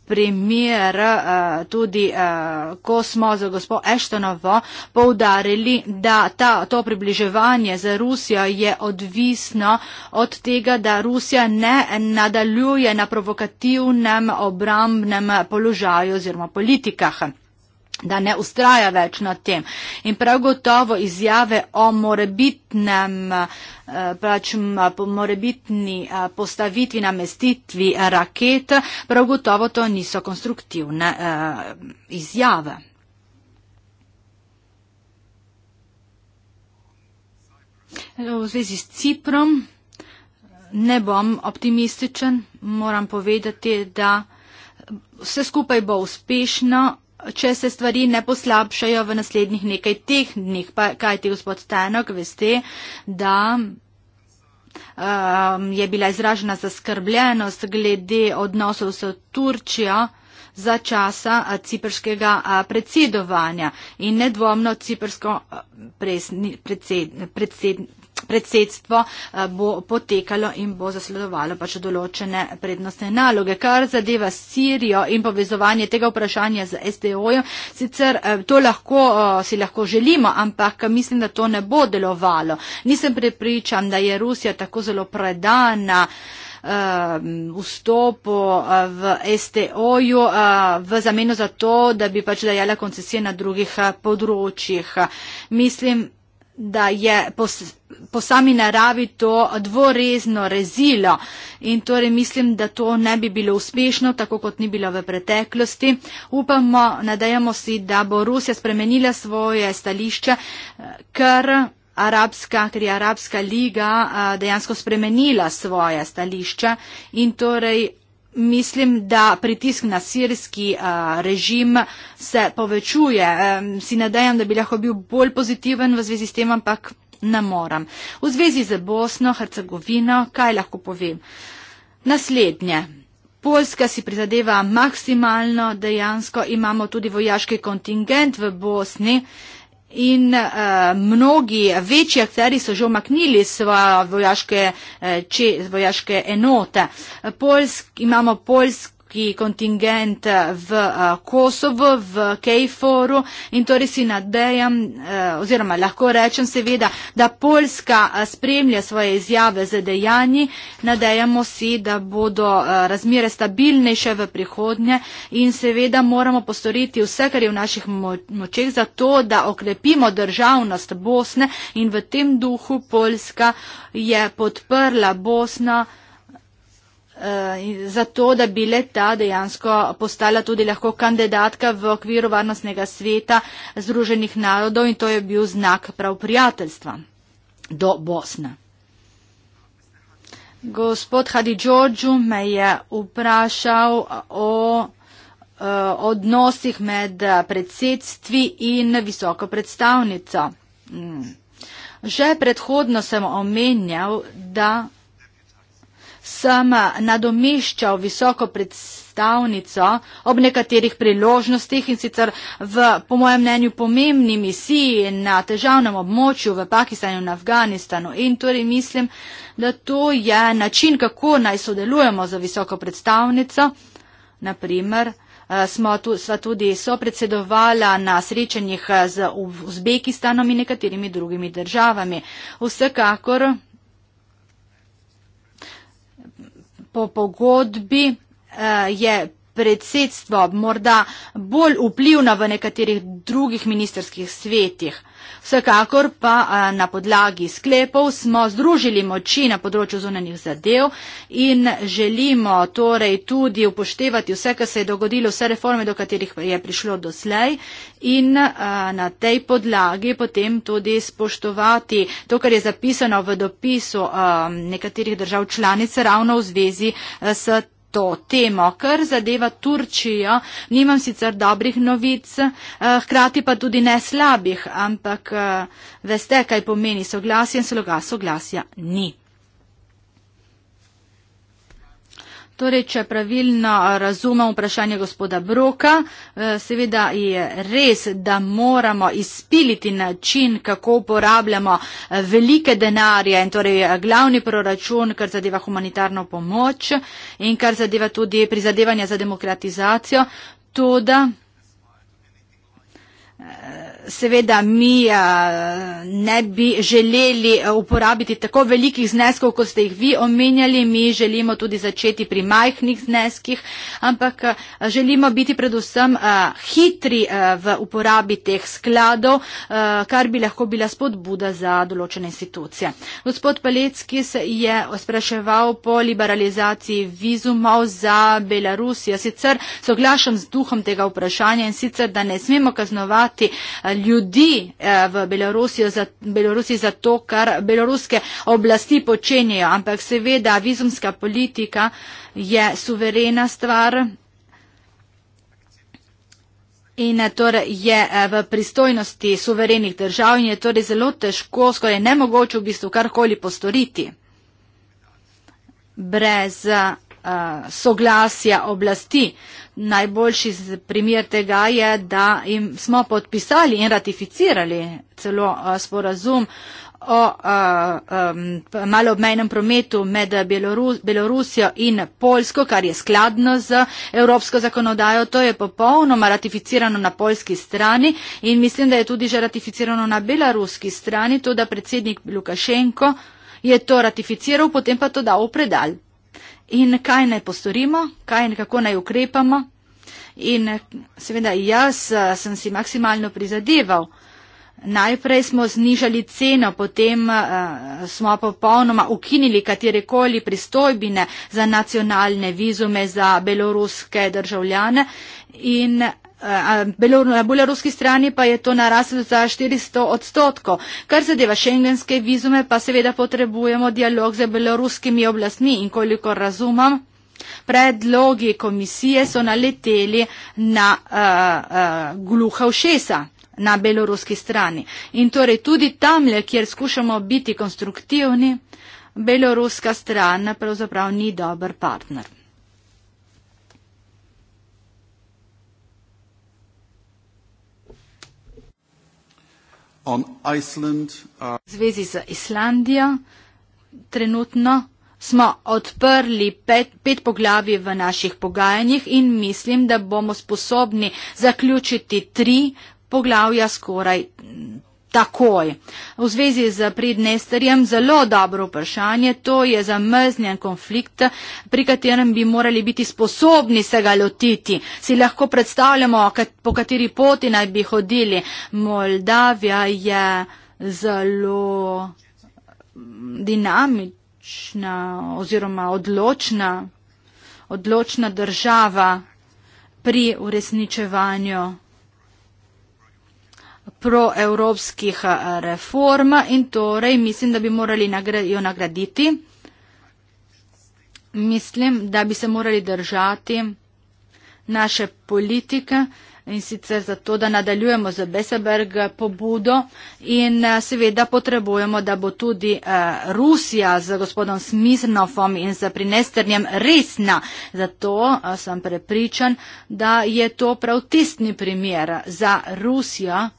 primer eh, tudi, eh, ko smo z gospod Eštonovo povdarili, da ta, to približevanje za Rusijo je odvisno od tega, da Rusija ne nadaljuje na provokativnem obrambnem položaju oziroma politikah da ne ustraja več na tem. In prav gotovo izjave o morebitnem, eh, pač morebitni eh, postavitvi, namestitvi raket, prav gotovo to niso konstruktivne eh, izjave. V zvezi s Ciprom ne bom optimističen, moram povedati, da vse skupaj bo uspešno če se stvari ne poslabšajo v naslednjih nekaj teh dneh. Pa kajti, gospod Tenok, veste, da um, je bila izražena zaskrbljenost glede odnosov s Turčijo za časa ciperskega predsedovanja in nedvomno cipersko predsedstvo. Predsed, predsed, predsedstvo eh, bo potekalo in bo zasledovalo pač določene prednostne naloge. Kar zadeva Sirijo in povezovanje tega vprašanja z SDO-jo, sicer eh, to lahko, eh, si lahko želimo, ampak mislim, da to ne bo delovalo. Nisem prepričan, da je Rusija tako zelo predana ehm, vstopu v STO-ju v zameno za to, da bi pač dajala koncesije na drugih področjih. Mislim, da je po, po sami naravi to dvorezno rezilo. In torej mislim, da to ne bi bilo uspešno, tako kot ni bilo v preteklosti. Upamo, nadajamo si, da bo Rusija spremenila svoje stališče, eh, ker. Arabska, ker je Arabska liga eh, dejansko spremenila svoje stališče in torej mislim, da pritisk na sirski uh, režim se povečuje. Um, si nadejam, da bi lahko bil bolj pozitiven v zvezi s tem, ampak ne moram. V zvezi z Bosno, Hercegovino, kaj lahko povem? Naslednje. Poljska si prizadeva maksimalno, dejansko imamo tudi vojaški kontingent v Bosni. Uh, In uh, mnogi večji akteri so že omaknili svoje vojaške, uh, če, vojaške enote. Polsk, imamo Polsk, ki kontingent v eh, Kosovo, v Kejforu in torej si nadejam eh, oziroma lahko rečem seveda, da Poljska eh, spremlja svoje izjave z dejanji, nadejamo si, da bodo razmire stabilnejše v prihodnje in seveda moramo postoriti vse, kar je v naših močeh za to, da okrepimo državnost Bosne in v tem duhu Poljska je podprla Bosna. Eh, zato, da bi leta dejansko postala tudi lahko kandidatka v okviru varnostnega sveta Združenih narodov in to je bil znak prav prijateljstva do Bosne. Gospod Hadi Đorđu me je vprašal o eh, odnosih med predsedstvi in visoko predstavnico. Hmm. Že predhodno sem omenjal, da sem nadomeščal visoko predstavnico ob nekaterih priložnostih in sicer v, po mojem mnenju, pomembni misiji na težavnem območju v Pakistanu in Afganistanu. In torej mislim, da to je način, kako naj sodelujemo za visoko predstavnico. Naprimer, eh, smo tu, sva tudi sopredsedovala na srečanjih z Uzbekistanom in nekaterimi drugimi državami. Vsekakor, po pogodbi eh, je predsedstvo morda bolj vplivno v nekaterih drugih ministerskih svetih. Vsekakor pa na podlagi sklepov smo združili moči na področju zunanjih zadev in želimo torej tudi upoštevati vse, kar se je dogodilo, vse reforme, do katerih je prišlo doslej in na tej podlagi potem tudi spoštovati to, kar je zapisano v dopisu nekaterih držav članic ravno v zvezi s to temo. Kar zadeva Turčijo, nimam sicer dobrih novic, eh, hkrati pa tudi ne slabih, ampak eh, veste, kaj pomeni soglasje in sloga soglasja ni. Torej, če pravilno razumem vprašanje gospoda Broka, eh, seveda je res, da moramo izpiliti način, kako uporabljamo eh, velike denarje in torej eh, glavni proračun, kar zadeva humanitarno pomoč in kar zadeva tudi prizadevanja za demokratizacijo. Toda Seveda mi eh, ne bi želeli eh, uporabiti tako velikih zneskov, kot ste jih vi omenjali. Mi želimo tudi začeti pri majhnih zneskih, ampak eh, želimo biti predvsem hitri v uporabi teh skladov, kar bi lahko bila spodbuda za določene institucije. Gospod Palecki se je spraševal po liberalizaciji vizumov za Belarus. Ja sicer soglašam z duhom tega vprašanja in sicer, da ne smemo kaznovati obtoževati eh, ljudi eh, v Belorusiji za to, kar beloruske oblasti počenjajo. Ampak seveda vizumska politika je suverena stvar. In eh, torej je v pristojnosti suverenih držav in je torej zelo težko, skoraj nemogoče v bistvu karkoli postoriti brez uh, soglasja oblasti. Uh, najboljši primer tega je, da jim smo podpisali in ratificirali celo eh, sporazum o eh, malobmejnem prometu med Belorusijo in Polsko, kar je skladno z evropsko zakonodajo. To je popolnoma ratificirano na polski strani in mislim, da je tudi že ratificirano na belaruski strani, to da predsednik Lukašenko je to ratificiral, potem pa to dal v predal in kaj naj postorimo, kaj in kako naj ukrepamo. In seveda jaz eh, sem si maksimalno prizadeval. Najprej smo znižali ceno, potem uh, smo popolnoma ukinili katerekoli pristojbine za nacionalne vizume za beloruske državljane in na beloruski strani pa je to naraslo za 400 odstotkov. Kar zadeva šengenske vizume, pa seveda potrebujemo dialog z beloruskimi oblastmi in koliko razumem. Predlogi komisije so naleteli na uh, uh, gluha všesa na beloruski strani. In torej tudi tam, kjer skušamo biti konstruktivni, beloruska stran pravzaprav ni dober partner. Iceland, uh... V zvezi z Islandijo trenutno smo odprli pet, pet poglavi v naših pogajanjih in mislim, da bomo sposobni zaključiti tri poglavja skoraj takoj. V zvezi z Pridnesterjem zelo dobro vprašanje, to je zamrznjen konflikt, pri katerem bi morali biti sposobni se ga lotiti. Si lahko predstavljamo, po kateri poti naj bi hodili. Moldavija je zelo mm, dinamična oziroma odločna, odločna država pri uresničevanju proevropskih eh, reform in torej mislim, da bi morali jo nagraditi. Mislim, da bi se morali držati naše politike in sicer zato, da nadaljujemo z Beseberg pobudo in eh, seveda potrebujemo, da bo tudi eh, Rusija z gospodom Smirnovom in z Prinesternjem resna. Zato sem prepričan, da je to prav tistni primer za Rusijo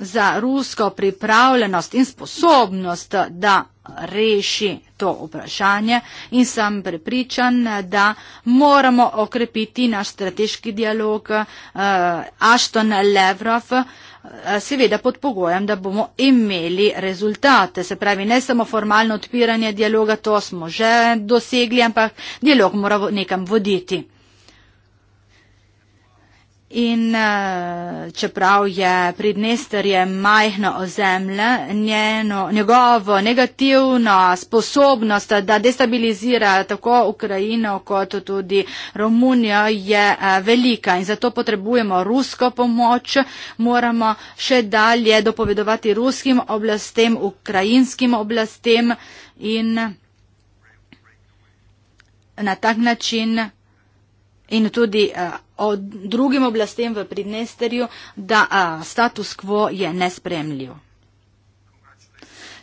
za rusko pripravljenost in sposobnost, da reši to vprašanje in sem prepričan, da moramo okrepiti naš strateški dialog uh, eh, Ashton-Levrov, uh, eh, seveda pod pogojem, da bomo imeli rezultate. Se pravi, ne samo formalno odpiranje dialoga, to smo že dosegli, ampak dialog mora v, nekam voditi. In uh, čeprav je Pridnesterje majhno ozemlje, njeno, njegovo negativno sposobnost, da destabilizira tako Ukrajino kot tudi Romunijo, je uh, velika in zato potrebujemo rusko pomoč. Moramo še dalje dopovedovati ruskim oblastem, ukrajinskim oblastem in na tak način in tudi. Uh, drugim oblastem v Pridnesterju, da a, status quo je nespremljiv.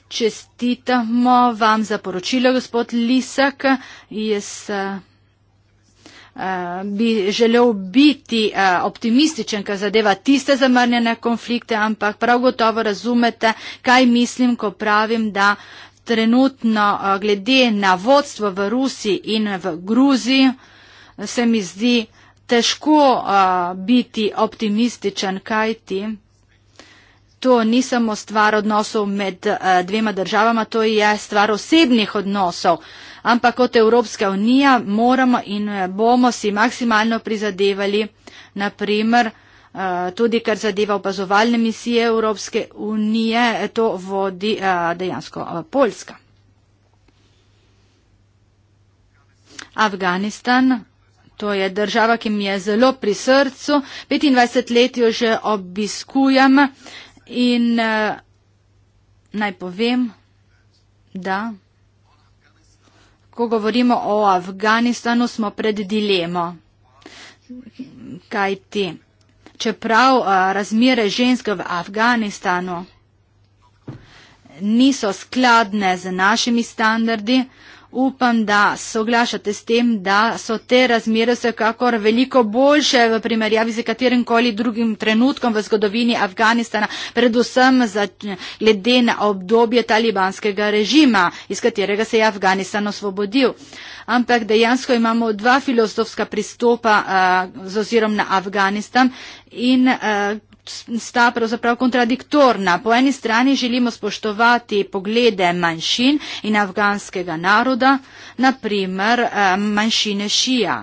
Čestitamo vam za poročilo, gospod Lisak. Jaz a, bi želel biti a, optimističen, kar zadeva tiste zamrnjene konflikte, ampak prav gotovo razumete, kaj mislim, ko pravim, da. Trenutno, glede na vodstvo v Rusiji in v Gruziji, se mi zdi, težko uh, biti optimističen, kaj ti. To ni samo stvar odnosov med uh, dvema državama, to je stvar osebnih odnosov. Ampak kot Evropska unija moramo in bomo si maksimalno prizadevali, naprimer, tudi kar zadeva opazovalne misije Evropske unije, to vodi dejansko Poljska. Afganistan, To je država, ki mi je zelo pri srcu. 25 let jo že obiskujem in uh, naj povem, da. Ko govorimo o Afganistanu, smo pred dilemo. Kaj ti? Čeprav uh, razmere žensk v Afganistanu niso skladne z našimi standardi, uh, upam, da soglašate s tem, da so te razmere vsekakor veliko boljše v primerjavi z katerim koli drugim trenutkom v zgodovini Afganistana, predvsem za, glede na obdobje talibanskega režima, iz katerega se je Afganistan osvobodil. Ampak dejansko imamo dva filozofska pristopa uh, z ozirom na Afganistan in uh, sta pravzaprav kontradiktorna. Po eni strani želimo spoštovati poglede manjšin in afganskega naroda, naprimer eh, manjšine šija.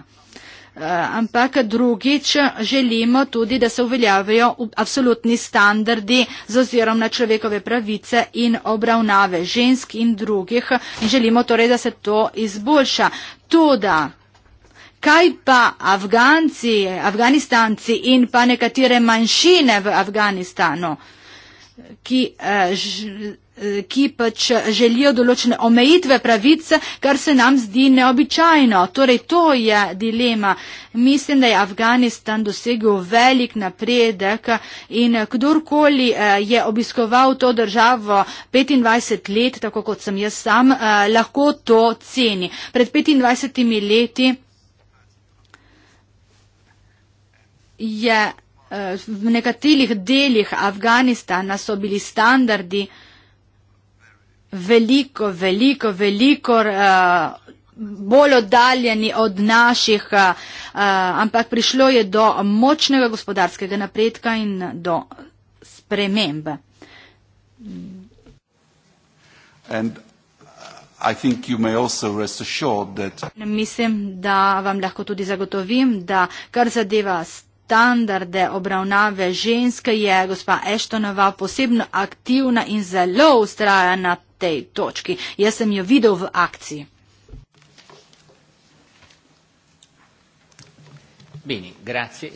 Eh, ampak drugič želimo tudi, da se uveljavijo absolutni standardi z ozirom na človekove pravice in obravnave žensk in drugih in želimo torej, da se to izboljša. Toda Kaj pa Afganci, Afganistanci in pa nekatere manjšine v Afganistanu, ki, eh, eh, ki pač želijo določene omejitve pravice, kar se nam zdi neobičajno. Torej, to je dilema. Mislim, da je Afganistan dosegel velik napredek in eh, kdorkoli je obiskoval to državo 25 let, tako kot sem jaz sam, lahko to ceni. Pred 25 leti. je eh, v nekaterih delih Afganistana so bili standardi veliko, veliko, veliko eh, bolj oddaljeni od naših, eh, ampak prišlo je do močnega gospodarskega napredka in do sprememb. Mislim, da vam lahko tudi zagotovim, da kar zadeva standarde obravnave ženske je gospa Eštonova posebno aktivna in zelo ustraja na tej točki. Jaz sem jo videl v akciji. Bene, grazie,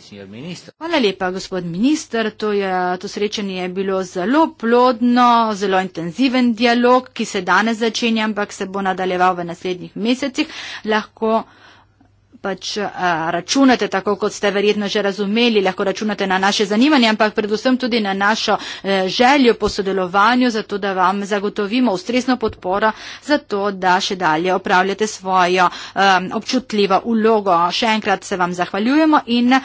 Hvala lepa, gospod minister. To, je, to srečanje je bilo zelo plodno, zelo intenziven dialog, ki se danes začenja, ampak se bo nadaljeval v naslednjih mesecih. Lahko uh, pač uh, računate, tako kot ste verjetno že razumeli, lahko računate na naše zanimanje, ampak predvsem tudi na našo uh, željo po sodelovanju, zato da vam zagotovimo ustrezno podporo, zato da še dalje opravljate svojo um, občutljivo ulogo. Še enkrat se vam zahvaljujemo in uh,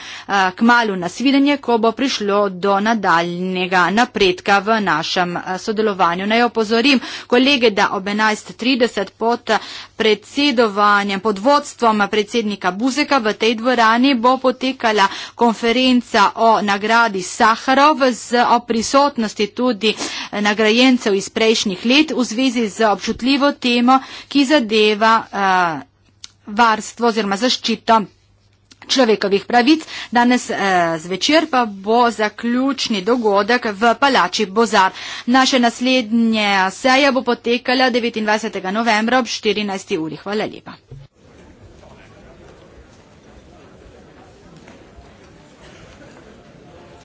k malu nasvidenje, ko bo prišlo do nadaljnega napredka v našem uh, sodelovanju. Naj opozorim kolege, da ob 11.30 pod predsedovanjem, pod vodstvom predsednika, Marka Buzeka v tej dvorani bo potekala konferenca o nagradi Saharov z o prisotnosti tudi eh, nagrajencev iz prejšnjih let v zvezi z občutljivo temo, ki zadeva uh, varstvo oziroma zaščito človekovih pravic. Danes eh, zvečer pa bo zaključni dogodek v palači Bozar. Naše naslednje seje bo potekala 29. novembra ob 14. uri. Hvala lepa.